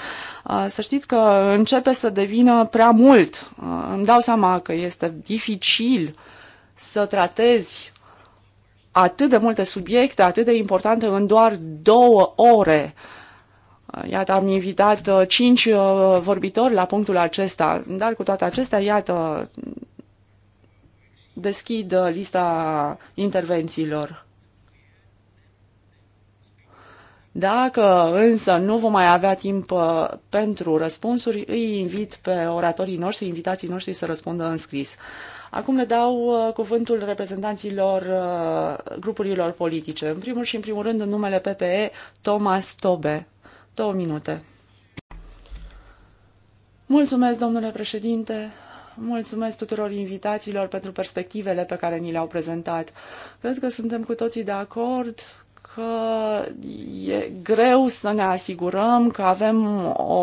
Uh, să știți că începe să devină prea mult. Uh, îmi dau seama că este dificil să tratezi atât de multe subiecte, atât de importante în doar două ore. Uh, Uh, iată, am invitat uh, cinci uh, vorbitori la punctul acesta, dar cu toate acestea, iată, deschid lista intervențiilor. Dacă însă nu vom mai avea timp pentru răspunsuri, îi invit pe oratorii noștri, invitații noștri să răspundă în scris. Acum le dau cuvântul reprezentanților grupurilor politice. În primul și în primul rând, în numele PPE, Thomas Tobe. Două minute. Mulțumesc, domnule președinte. Mulțumesc tuturor invitațiilor pentru perspectivele pe care ni le-au prezentat. Cred că suntem cu toții de acord că e greu să ne asigurăm că avem o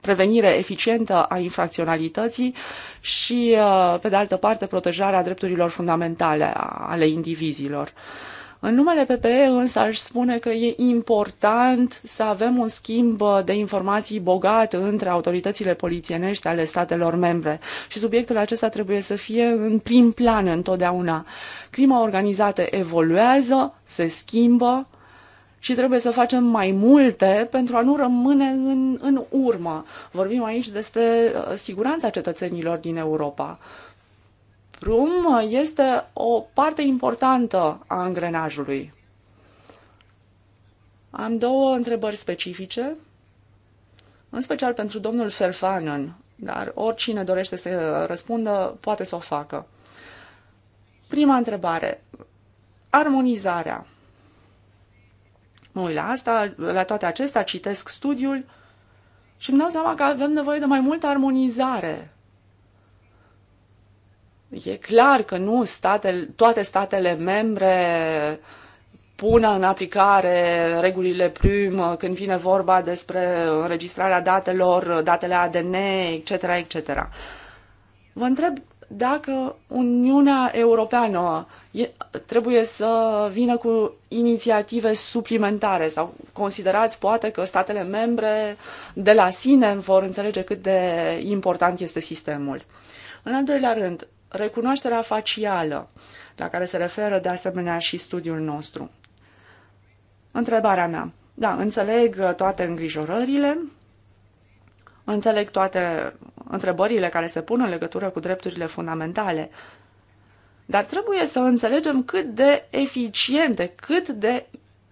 prevenire eficientă a infracționalității și, pe de altă parte, protejarea drepturilor fundamentale ale indivizilor. Uh, în numele PPE însă aș spune că e important să avem un schimb uh, de informații bogat între autoritățile polițienești ale statelor membre și subiectul acesta trebuie să fie în prim plan întotdeauna. Crima organizată evoluează, se schimbă și trebuie să facem mai multe pentru a nu rămâne în, în urmă. Vorbim aici despre uh, siguranța cetățenilor din Europa. Rum este o parte importantă a îngrenajului. Am două întrebări specifice, în special pentru domnul Ferfanen, dar oricine dorește să răspundă poate să o facă. Prima întrebare. Armonizarea. Mă uit la asta, la toate acestea, citesc studiul și îmi dau seama că avem nevoie de mai multă armonizare E clar că nu statele, toate statele membre pună în aplicare regulile prim uh, când vine vorba despre înregistrarea datelor, uh, datele ADN, etc., etc. Vă întreb dacă Uniunea Europeană e, trebuie să vină cu inițiative suplimentare sau considerați poate că statele membre de la sine vor înțelege cât de important este sistemul. În al doilea rând, recunoașterea facială, la care se referă de asemenea și studiul nostru. Întrebarea mea. Da, înțeleg toate îngrijorările, înțeleg toate întrebările care se pun în legătură cu drepturile fundamentale, dar trebuie să înțelegem cât de eficiente, cât de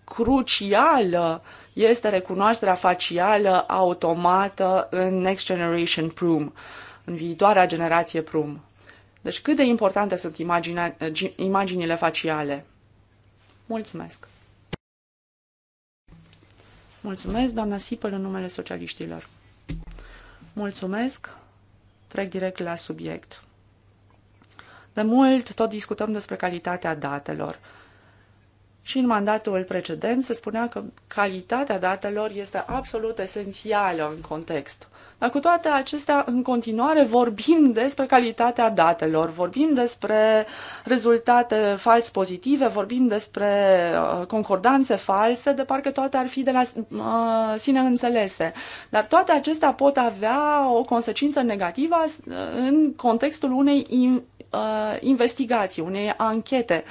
crucială este recunoașterea facială automată în Next Generation Prum, în viitoarea generație Prum. Deci cât de importante sunt imagine, imaginile faciale? Mulțumesc! Mulțumesc, doamna Sipăl, în numele socialiștilor. Mulțumesc, trec direct la subiect. De mult tot discutăm despre calitatea datelor. Și în mandatul precedent se spunea că calitatea datelor este absolut esențială în context. Dar cu toate acestea, în continuare vorbim despre calitatea datelor, vorbim despre rezultate fals pozitive, vorbim despre uh, concordanțe false, de parcă toate ar fi de la uh, sine înțelese. Dar toate acestea pot avea o consecință negativă uh, în contextul unei investigații, unei anchete.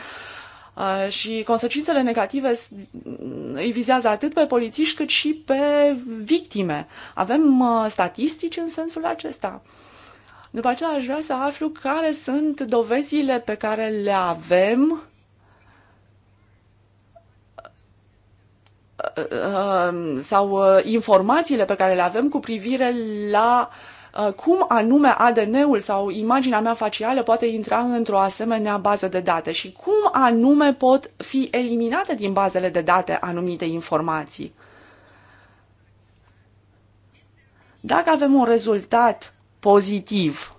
Uh, și consecințele negative îi vizează atât pe polițiști cât și pe victime. Avem uh, statistici în sensul acesta. După aceea aș vrea să aflu care sunt dovezile pe care le avem uh, sau informațiile pe care le avem cu privire la uh, Uh, cum anume ADN-ul sau imaginea mea facială poate intra într-o asemenea bază de date și cum anume pot fi eliminate din bazele de date anumite informații. Dacă avem un rezultat pozitiv,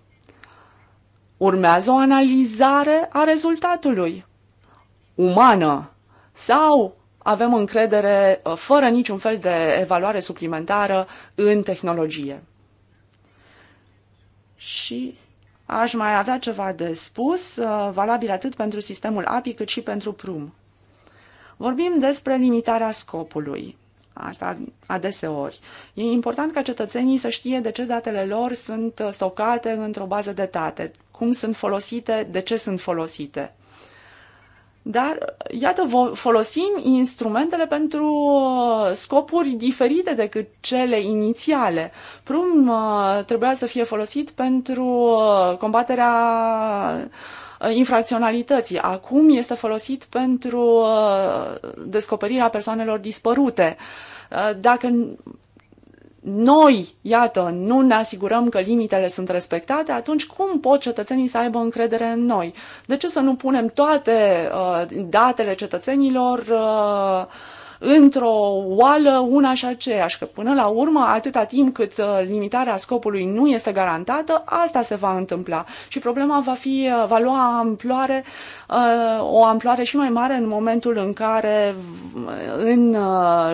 urmează o analizare a rezultatului umană sau avem încredere uh, fără niciun fel de evaluare suplimentară în tehnologie și aș mai avea ceva de spus, uh, valabil atât pentru sistemul API cât și pentru PRUM. Vorbim despre limitarea scopului. Asta adeseori. E important ca cetățenii să știe de ce datele lor sunt stocate într-o bază de date, cum sunt folosite, de ce sunt folosite. Dar, iată, folosim instrumentele pentru uh, scopuri diferite decât cele inițiale. Prum uh, trebuia să fie folosit pentru uh, combaterea infracționalității. Acum este folosit pentru descoperirea persoanelor dispărute. Dacă noi, iată, nu ne asigurăm că limitele sunt respectate, atunci cum pot cetățenii să aibă încredere în noi? De ce să nu punem toate uh, datele cetățenilor uh, într-o oală una și aceeași, că până la urmă, atâta timp cât uh, limitarea scopului nu este garantată, asta se va întâmpla și problema va, fi, uh, va lua amploare, uh, o amploare și mai mare în momentul în care în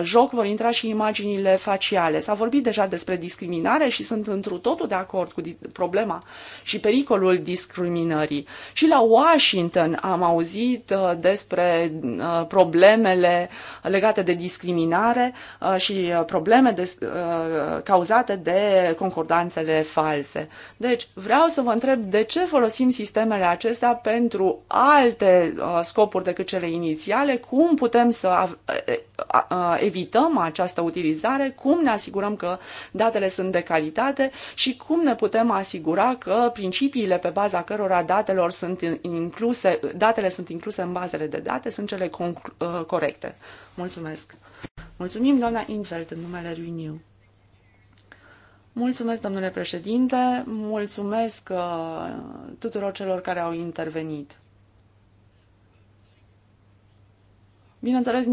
joc vor intra și imaginile faciale. S-a vorbit deja despre discriminare și sunt întru totul de acord cu problema și pericolul discriminării. Și la Washington am auzit despre problemele legate legate de discriminare uh, și uh, probleme de, uh, cauzate de concordanțele false. Deci, vreau să vă întreb de ce folosim sistemele acestea pentru alte scopuri decât cele inițiale, cum putem să evităm această utilizare, cum ne asigurăm că datele sunt de calitate și cum ne putem asigura că principiile pe baza cărora datelor sunt incluse, datele sunt incluse în bazele de date sunt cele corecte. Mulțumesc. Mulțumim, doamna Infeld, în numele Renew. Mulțumesc, domnule președinte, mulțumesc uh, tuturor celor care au intervenit. Bineînțeles,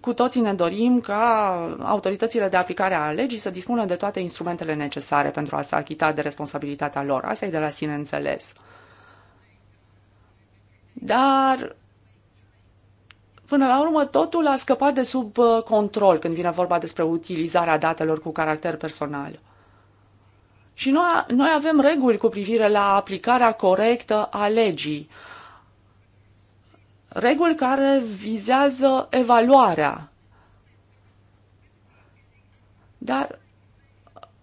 cu toții ne dorim ca autoritățile de aplicare a legii să dispună de toate instrumentele necesare pentru a se achita de responsabilitatea lor. Asta e de la sine înțeles. Dar Până la urmă, totul a scăpat de sub uh, control când vine vorba despre utilizarea datelor cu caracter personal. Și noi, noi avem reguli cu privire la aplicarea corectă a legii. Reguli care vizează evaluarea. Dar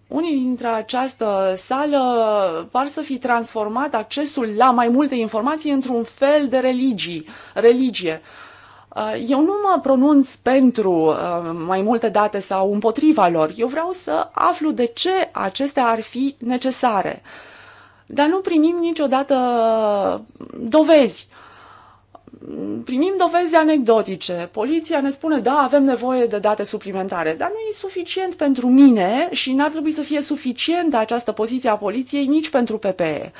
unii dintre această sală par să fi transformat accesul la mai multe informații într-un fel de religii, religie. Uh, eu nu mă pronunț pentru uh, mai multe date sau împotriva lor. Eu vreau să aflu de ce acestea ar fi necesare. Dar nu primim niciodată dovezi. Primim dovezi anecdotice. Poliția ne spune, da, avem nevoie de date suplimentare, dar nu e suficient pentru mine și n-ar trebui să fie suficientă această poziție a poliției nici pentru PPE.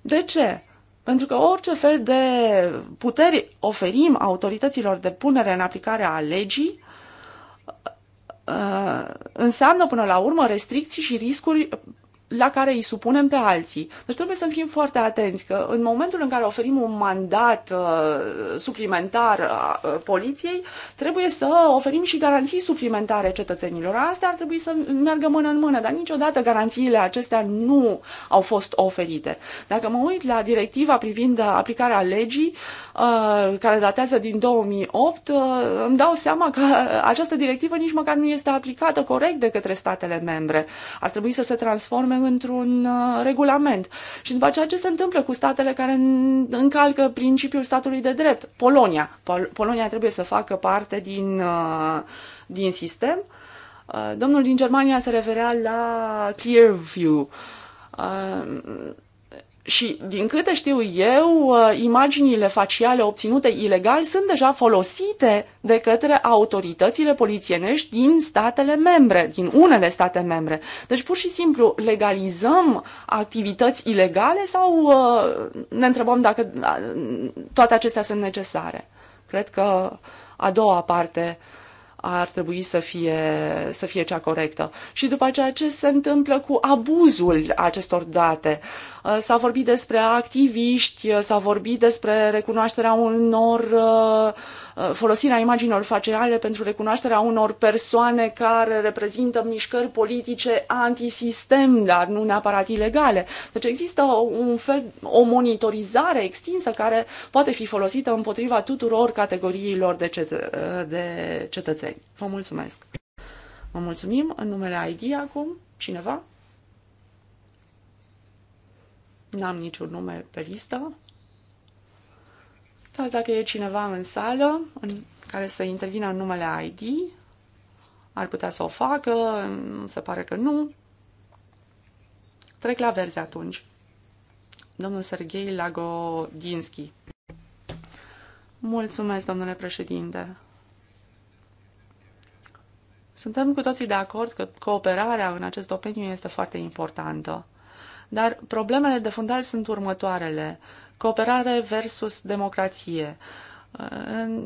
De ce? Pentru că orice fel de puteri oferim autorităților de punere în aplicare a legii, uh, înseamnă până la urmă restricții și riscuri la care îi supunem pe alții. Deci trebuie să fim foarte atenți că în momentul în care oferim un mandat uh, suplimentar uh, poliției, trebuie să oferim și garanții suplimentare cetățenilor. Astea ar trebui să meargă mână în mână, dar niciodată garanțiile acestea nu au fost oferite. Dacă mă uit la directiva privind aplicarea legii, uh, care datează din 2008, uh, îmi dau seama că această directivă nici măcar nu este aplicată corect de către statele membre. Ar trebui să se transforme într-un uh, regulament. Și după aceea ce se întâmplă cu statele care încalcă principiul statului de drept? Polonia. Pol- Polonia trebuie să facă parte din, uh, din sistem. Uh, domnul din Germania se referea la Clearview. Și din câte știu eu, uh, imaginile faciale obținute ilegal sunt deja folosite de către autoritățile polițienești din statele membre, din unele state membre. Deci pur și simplu legalizăm activități ilegale sau uh, ne întrebăm dacă uh, toate acestea sunt necesare. Cred că a doua parte uh, ar trebui să fie, să fie cea corectă. Și după aceea ce se întâmplă cu abuzul acestor date? Uh, s-a vorbit despre activiști, uh, s-a vorbit despre recunoașterea unor uh, Uh, folosirea imaginilor faciale pentru recunoașterea unor persoane care reprezintă mișcări politice antisistem, dar nu neapărat ilegale. Deci există un fel, o monitorizare extinsă care poate fi folosită împotriva tuturor categoriilor de, cet- uh, de cetățeni. Vă mulțumesc! Vă mulțumim în numele ID acum. Cineva? N-am niciun nume pe listă. Dar dacă e cineva în sală în care să intervină în numele ID, ar putea să o facă, se pare că nu. Trec la verzi atunci. Domnul Serghei Lagodinski. Mulțumesc, domnule președinte. Suntem cu toții de acord că cooperarea în acest domeniu este foarte importantă. Dar problemele de fundal sunt următoarele. Cooperare versus democrație.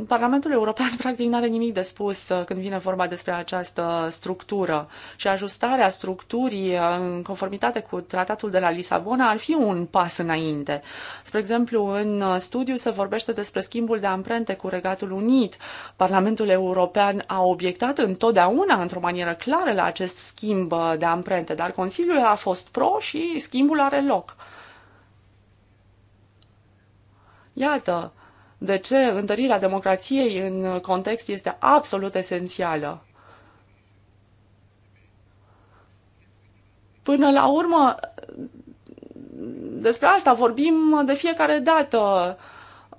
Parlamentul European (laughs) practic nu are nimic de spus uh, când vine vorba despre această structură și ajustarea structurii uh, în conformitate cu tratatul de la Lisabona ar fi un pas înainte. Spre exemplu, în uh, studiu se vorbește despre schimbul de amprente cu Regatul Unit. Parlamentul European a obiectat întotdeauna, într-o manieră clară, la acest schimb de amprente, dar Consiliul a fost pro și schimbul are loc. Iată de ce întărirea democrației în context este absolut esențială. Până la urmă, despre asta vorbim de fiecare dată.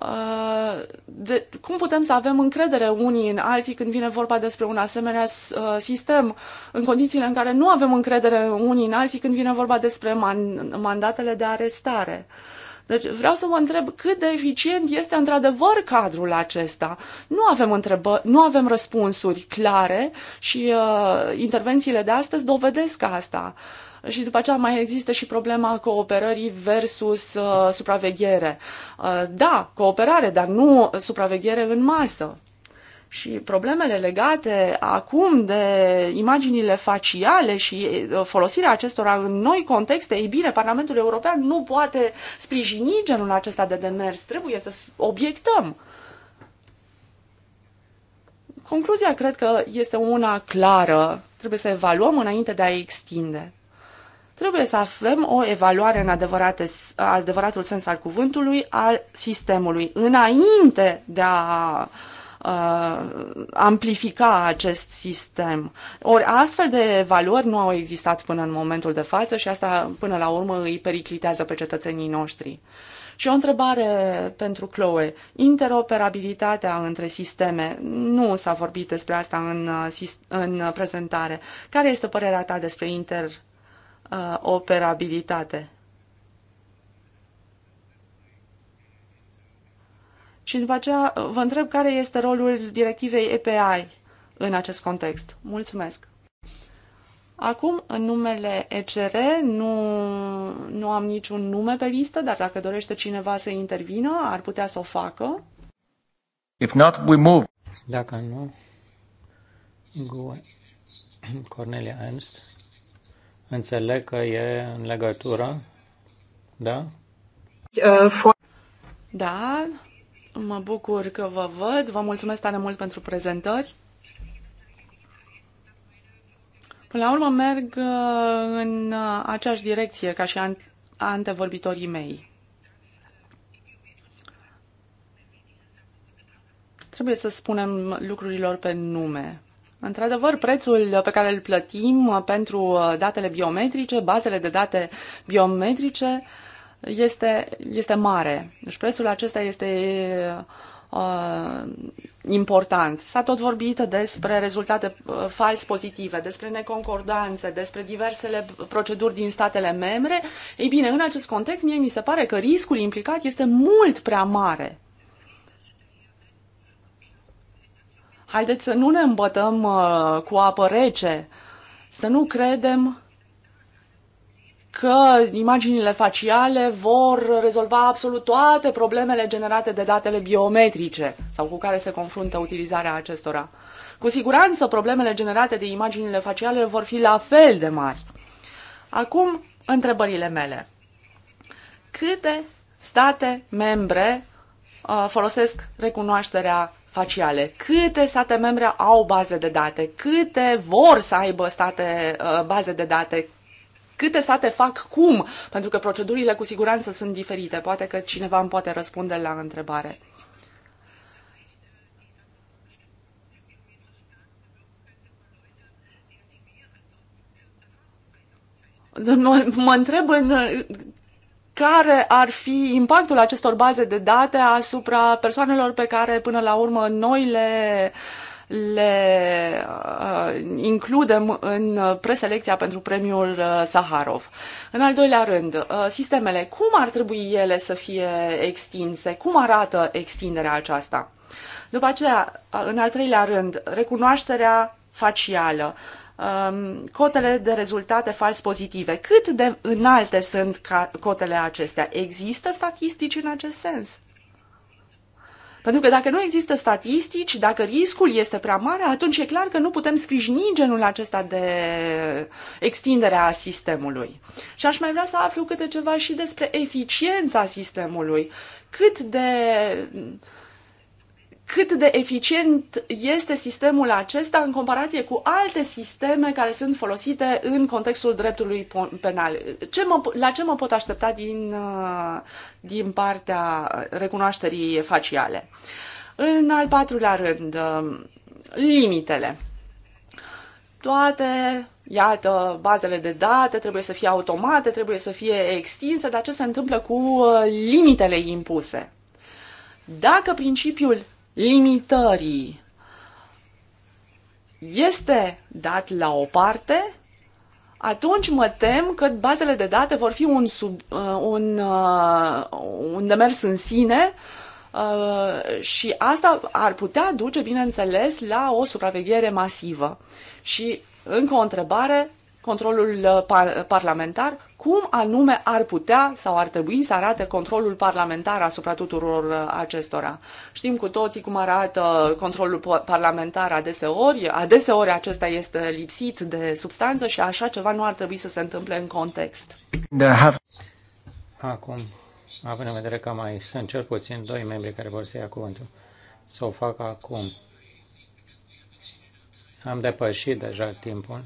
Uh, de, cum putem să avem încredere unii în alții când vine vorba despre un asemenea uh, sistem, în condițiile în care nu avem încredere unii în alții când vine vorba despre man, mandatele de arestare? Uh, deci vreau să vă întreb cât de eficient este într-adevăr cadrul acesta. Nu avem, întrebă- nu avem răspunsuri clare și uh, intervențiile de astăzi dovedesc asta. Și după aceea mai există și problema cooperării versus uh, supraveghere. Uh, da, cooperare, dar nu supraveghere în masă. Și problemele legate acum de imaginile faciale și uh, folosirea acestora în noi contexte, ei bine, Parlamentul European nu poate sprijini genul acesta de demers. Trebuie să obiectăm. Concluzia cred că este una clară. Trebuie să evaluăm înainte de a extinde. Trebuie să avem o evaluare în adevărate, adevăratul sens al cuvântului al sistemului, înainte de a uh, uh, amplifica acest sistem. Ori astfel de valori nu au existat până în momentul de față și asta până la urmă îi periclitează pe cetățenii noștri. Și o întrebare pentru Chloe. Interoperabilitatea între sisteme. Nu s-a vorbit despre asta în, uh, în prezentare. Care este părerea ta despre interoperabilitate? Și după aceea vă întreb care este rolul directivei EPI în acest context. Mulțumesc! Acum, în numele ECR, nu, nu am niciun nume pe listă, dar dacă dorește cineva să intervină, ar putea să o facă. If not, we move. Dacă nu, go. Cornelia Ernst. Înțeleg că e în legătură, da? Uh, da, Mă bucur că vă văd. Vă mulțumesc tare mult pentru prezentări. Până la urmă merg uh, în uh, aceeași direcție ca și antevorbitorii mei. Trebuie să spunem lucrurilor pe nume. Într-adevăr, prețul pe care îl plătim uh, pentru datele biometrice, bazele de date biometrice, uh, este, este mare. Deci prețul acesta este uh, important. S-a tot vorbit despre rezultate uh, fals pozitive, despre neconcordanțe, despre diversele proceduri din statele membre. Ei bine, în acest context, mie mi se pare că riscul implicat este mult prea mare. Haideți să nu ne îmbătăm uh, cu apă rece, să nu credem că imaginile faciale vor rezolva absolut toate problemele generate de datele biometrice sau cu care se confruntă utilizarea acestora. Cu siguranță problemele generate de imaginile faciale vor fi la fel de mari. Acum, întrebările mele. Câte state membre uh, folosesc recunoașterea faciale, câte state membre au baze de date, câte vor să aibă state, uh, baze de date, câte state fac cum, pentru că procedurile cu siguranță sunt diferite. Poate că cineva îmi poate răspunde la întrebare. Mă, mă întreb în care ar fi impactul acestor baze de date asupra persoanelor pe care până la urmă noi le uh, le uh, includem în preselecția pentru premiul uh, Saharov. În al doilea rând, uh, sistemele, cum ar trebui ele să fie extinse? Cum arată extinderea aceasta? După aceea, în al treilea rând, recunoașterea facială um, cotele de rezultate fals pozitive. Cât de înalte sunt cotele acestea? Există statistici în acest sens? Pentru că dacă nu există statistici, dacă riscul este prea mare, atunci e clar că nu putem sprijini genul acesta de extindere a sistemului. Și aș mai vrea să aflu câte ceva și despre eficiența sistemului. Cât de uh, cât de eficient este sistemul acesta în comparație cu alte sisteme care sunt folosite în contextul dreptului penal. Ce mă, la ce mă pot aștepta din, uh, din partea recunoașterii faciale? În al patrulea rând, uh, limitele. Toate iată, bazele de date trebuie să fie automate, trebuie să fie extinse, dar ce se întâmplă cu uh, limitele impuse? Dacă principiul limitării este dat la o parte, atunci mă tem că bazele de date vor fi un, sub, uh, un, uh, un demers în sine uh, și asta ar putea duce, bineînțeles, la o supraveghere masivă. Și, încă o întrebare, controlul uh, parlamentar, cum anume ar putea sau ar trebui să arate controlul parlamentar asupra tuturor uh, acestora. Știm cu toții cum arată controlul parlamentar adeseori. Adeseori acesta este lipsit de substanță și așa ceva nu ar trebui să se întâmple în context. Da, acum, având în vedere că mai sunt cel puțin doi membri care vor să ia cuvântul, să o fac acum. Am depășit deja timpul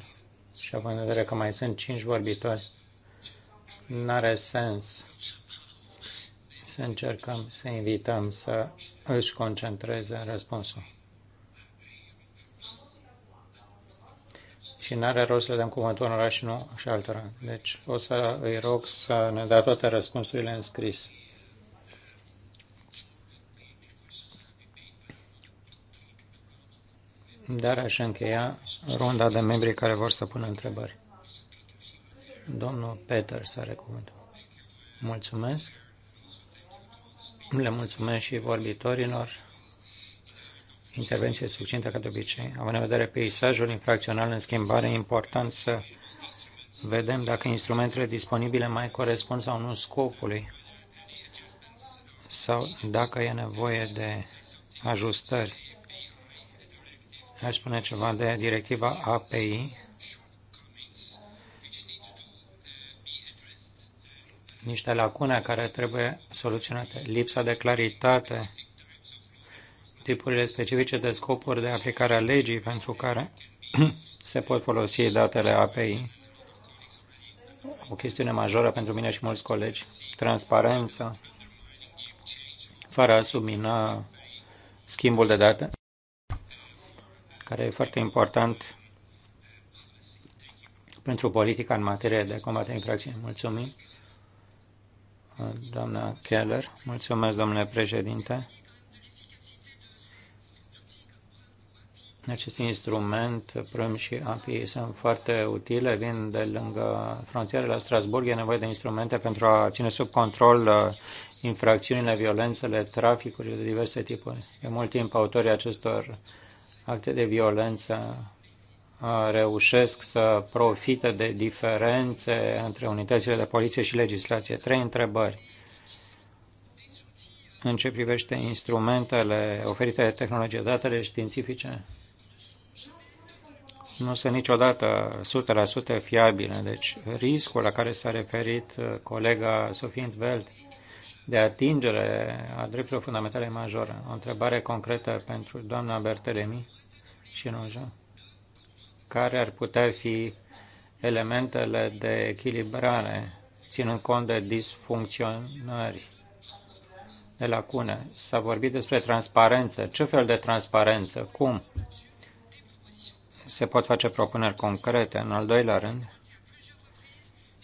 și având în vedere că mai sunt cinci vorbitori, n-are sens să încercăm să invităm să își concentreze în răspunsul. Și n-are rost să le dăm cuvântul unora și nu și altora. Deci o să îi rog să ne dea toate răspunsurile în scris. dar aș încheia ronda de membri care vor să pună întrebări. Domnul Peter să are cuvântul. Mulțumesc. Le mulțumesc și vorbitorilor. Intervenție succintă ca de obicei. Având în vedere peisajul infracțional în schimbare, e important să vedem dacă instrumentele disponibile mai corespund sau nu scopului sau dacă e nevoie de ajustări Aș spune ceva de directiva API, niște lacune care trebuie soluționate, lipsa de claritate, tipurile specifice de scopuri de aplicare a legii pentru care (clears throat) se pot folosi datele API. O chestiune majoră pentru mine și mulți colegi. Transparența, fără a submina schimbul de date care e foarte important pentru politica în materie de combatere infracțiuni. Mulțumim, doamna Keller. Mulțumesc, domnule președinte. Acest instrument, PRIM și API, sunt foarte utile. Vin de lângă frontiere la Strasburg. E nevoie de instrumente pentru a ține sub control uh, infracțiunile, violențele, traficurile de diverse tipuri. De mult timp, autorii acestor acte de violență reușesc să profite de diferențe între unitățile de poliție și legislație. Trei întrebări. În ce privește instrumentele oferite de tehnologie, datele științifice nu sunt niciodată 100% fiabile. Deci riscul la care s-a referit uh, colega Sofie Veld de atingere a drepturilor fundamentale majore. O întrebare concretă pentru doamna Bertelemi și Noja. Care ar putea fi elementele de echilibrare, ținând cont de disfuncționări, de lacune? S-a vorbit despre transparență. Ce fel de transparență? Cum? Se pot face propuneri concrete. În al doilea rând,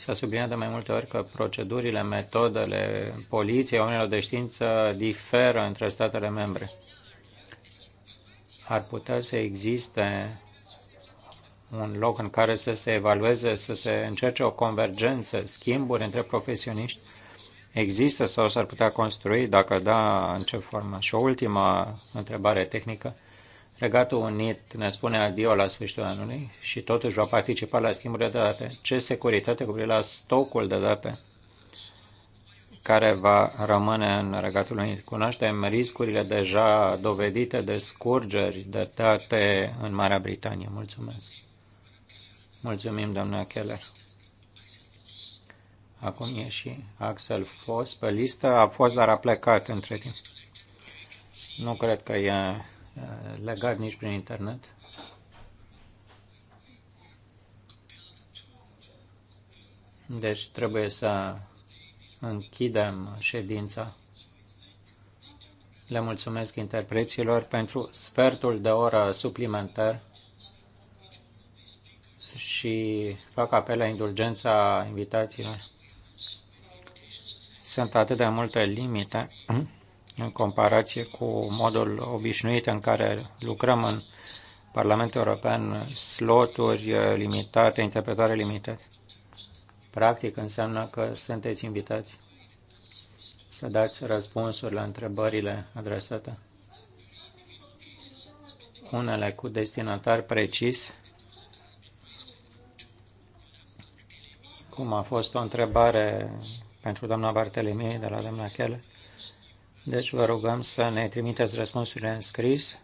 S-a subliniat de mai multe ori că procedurile, metodele poliției, oamenilor de știință diferă între statele membre. Ar putea să existe un loc în care să se evalueze, să se încerce o convergență, schimburi între profesioniști? Există sau s-ar putea construi? Dacă da, în ce formă? Și o ultimă întrebare tehnică. Regatul Unit ne spune adio la sfârșitul anului și totuși va participa la schimburile de date. Ce securitate cu la stocul de date care va rămâne în Regatul Unit? Cunoaștem riscurile deja dovedite de scurgeri de date în Marea Britanie. Mulțumesc. Mulțumim, doamna Keller. Acum e și Axel Foss pe listă. A fost, dar a plecat între timp. Nu cred că e Uh, legat nici prin internet. Deci trebuie să închidem ședința. Le mulțumesc interpreților pentru sfertul de oră suplimentar și fac apel la indulgența invitațiilor. Sunt atât de multe limite. (clears throat) în comparație cu modul obișnuit în care lucrăm în Parlamentul European, sloturi eh, limitate, interpretare limitată. Practic înseamnă că sunteți invitați să dați răspunsuri la întrebările adresate. Unele cu destinatar precis, cum a fost o întrebare pentru doamna Bartelimie de la doamna Chele, deci vă rugăm să ne trimiteți răspunsurile în scris.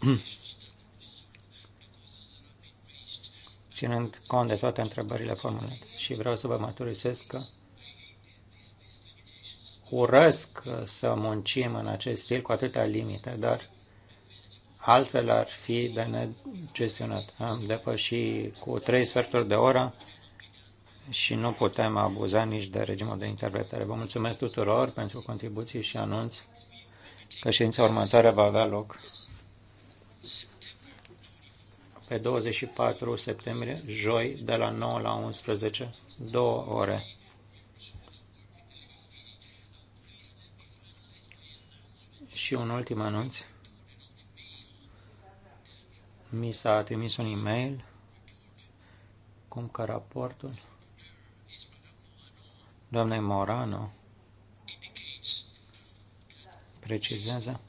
(clears throat) ținând cont de toate întrebările formulate. Și vreau să vă mărturisesc că urăsc să muncim în acest stil cu atâtea limite, dar altfel ar fi de negestionat. Am depășit cu trei sferturi de oră și nu putem abuza nici de regimul de interpretare. Vă mulțumesc tuturor pentru contribuții și anunț că ședința următoare va avea loc pe 24 septembrie, joi, de la 9 la 11, două ore. Și un ultim anunț. Mi s-a trimis un e-mail cum că raportul Doamne Morano precizează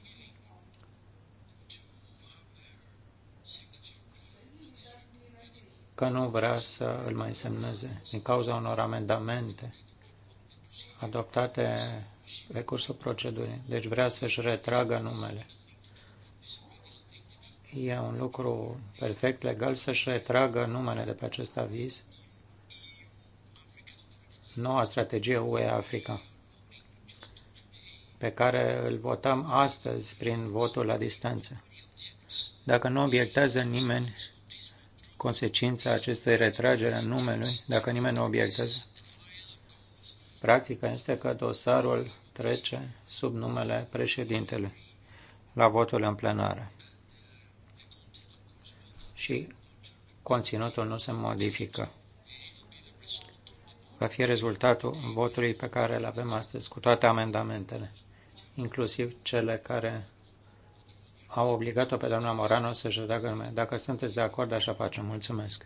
că nu vrea să îl mai semneze din cauza unor amendamente adoptate pe cursul procedurii. Deci vrea să-și retragă numele. E un lucru perfect legal să-și retragă numele de pe acest aviz noua strategie UE-Africa, pe care îl votăm astăzi prin votul la distanță. Dacă nu obiectează nimeni consecința acestei retrageri a numelui, dacă nimeni nu obiectează, practica este că dosarul trece sub numele președintelui la votul în plenară. Și conținutul nu se modifică va fi rezultatul votului pe care îl avem astăzi, cu toate amendamentele, inclusiv cele care au obligat-o pe doamna Morano să-și redacă nume. Dacă sunteți de acord, așa facem. Mulțumesc.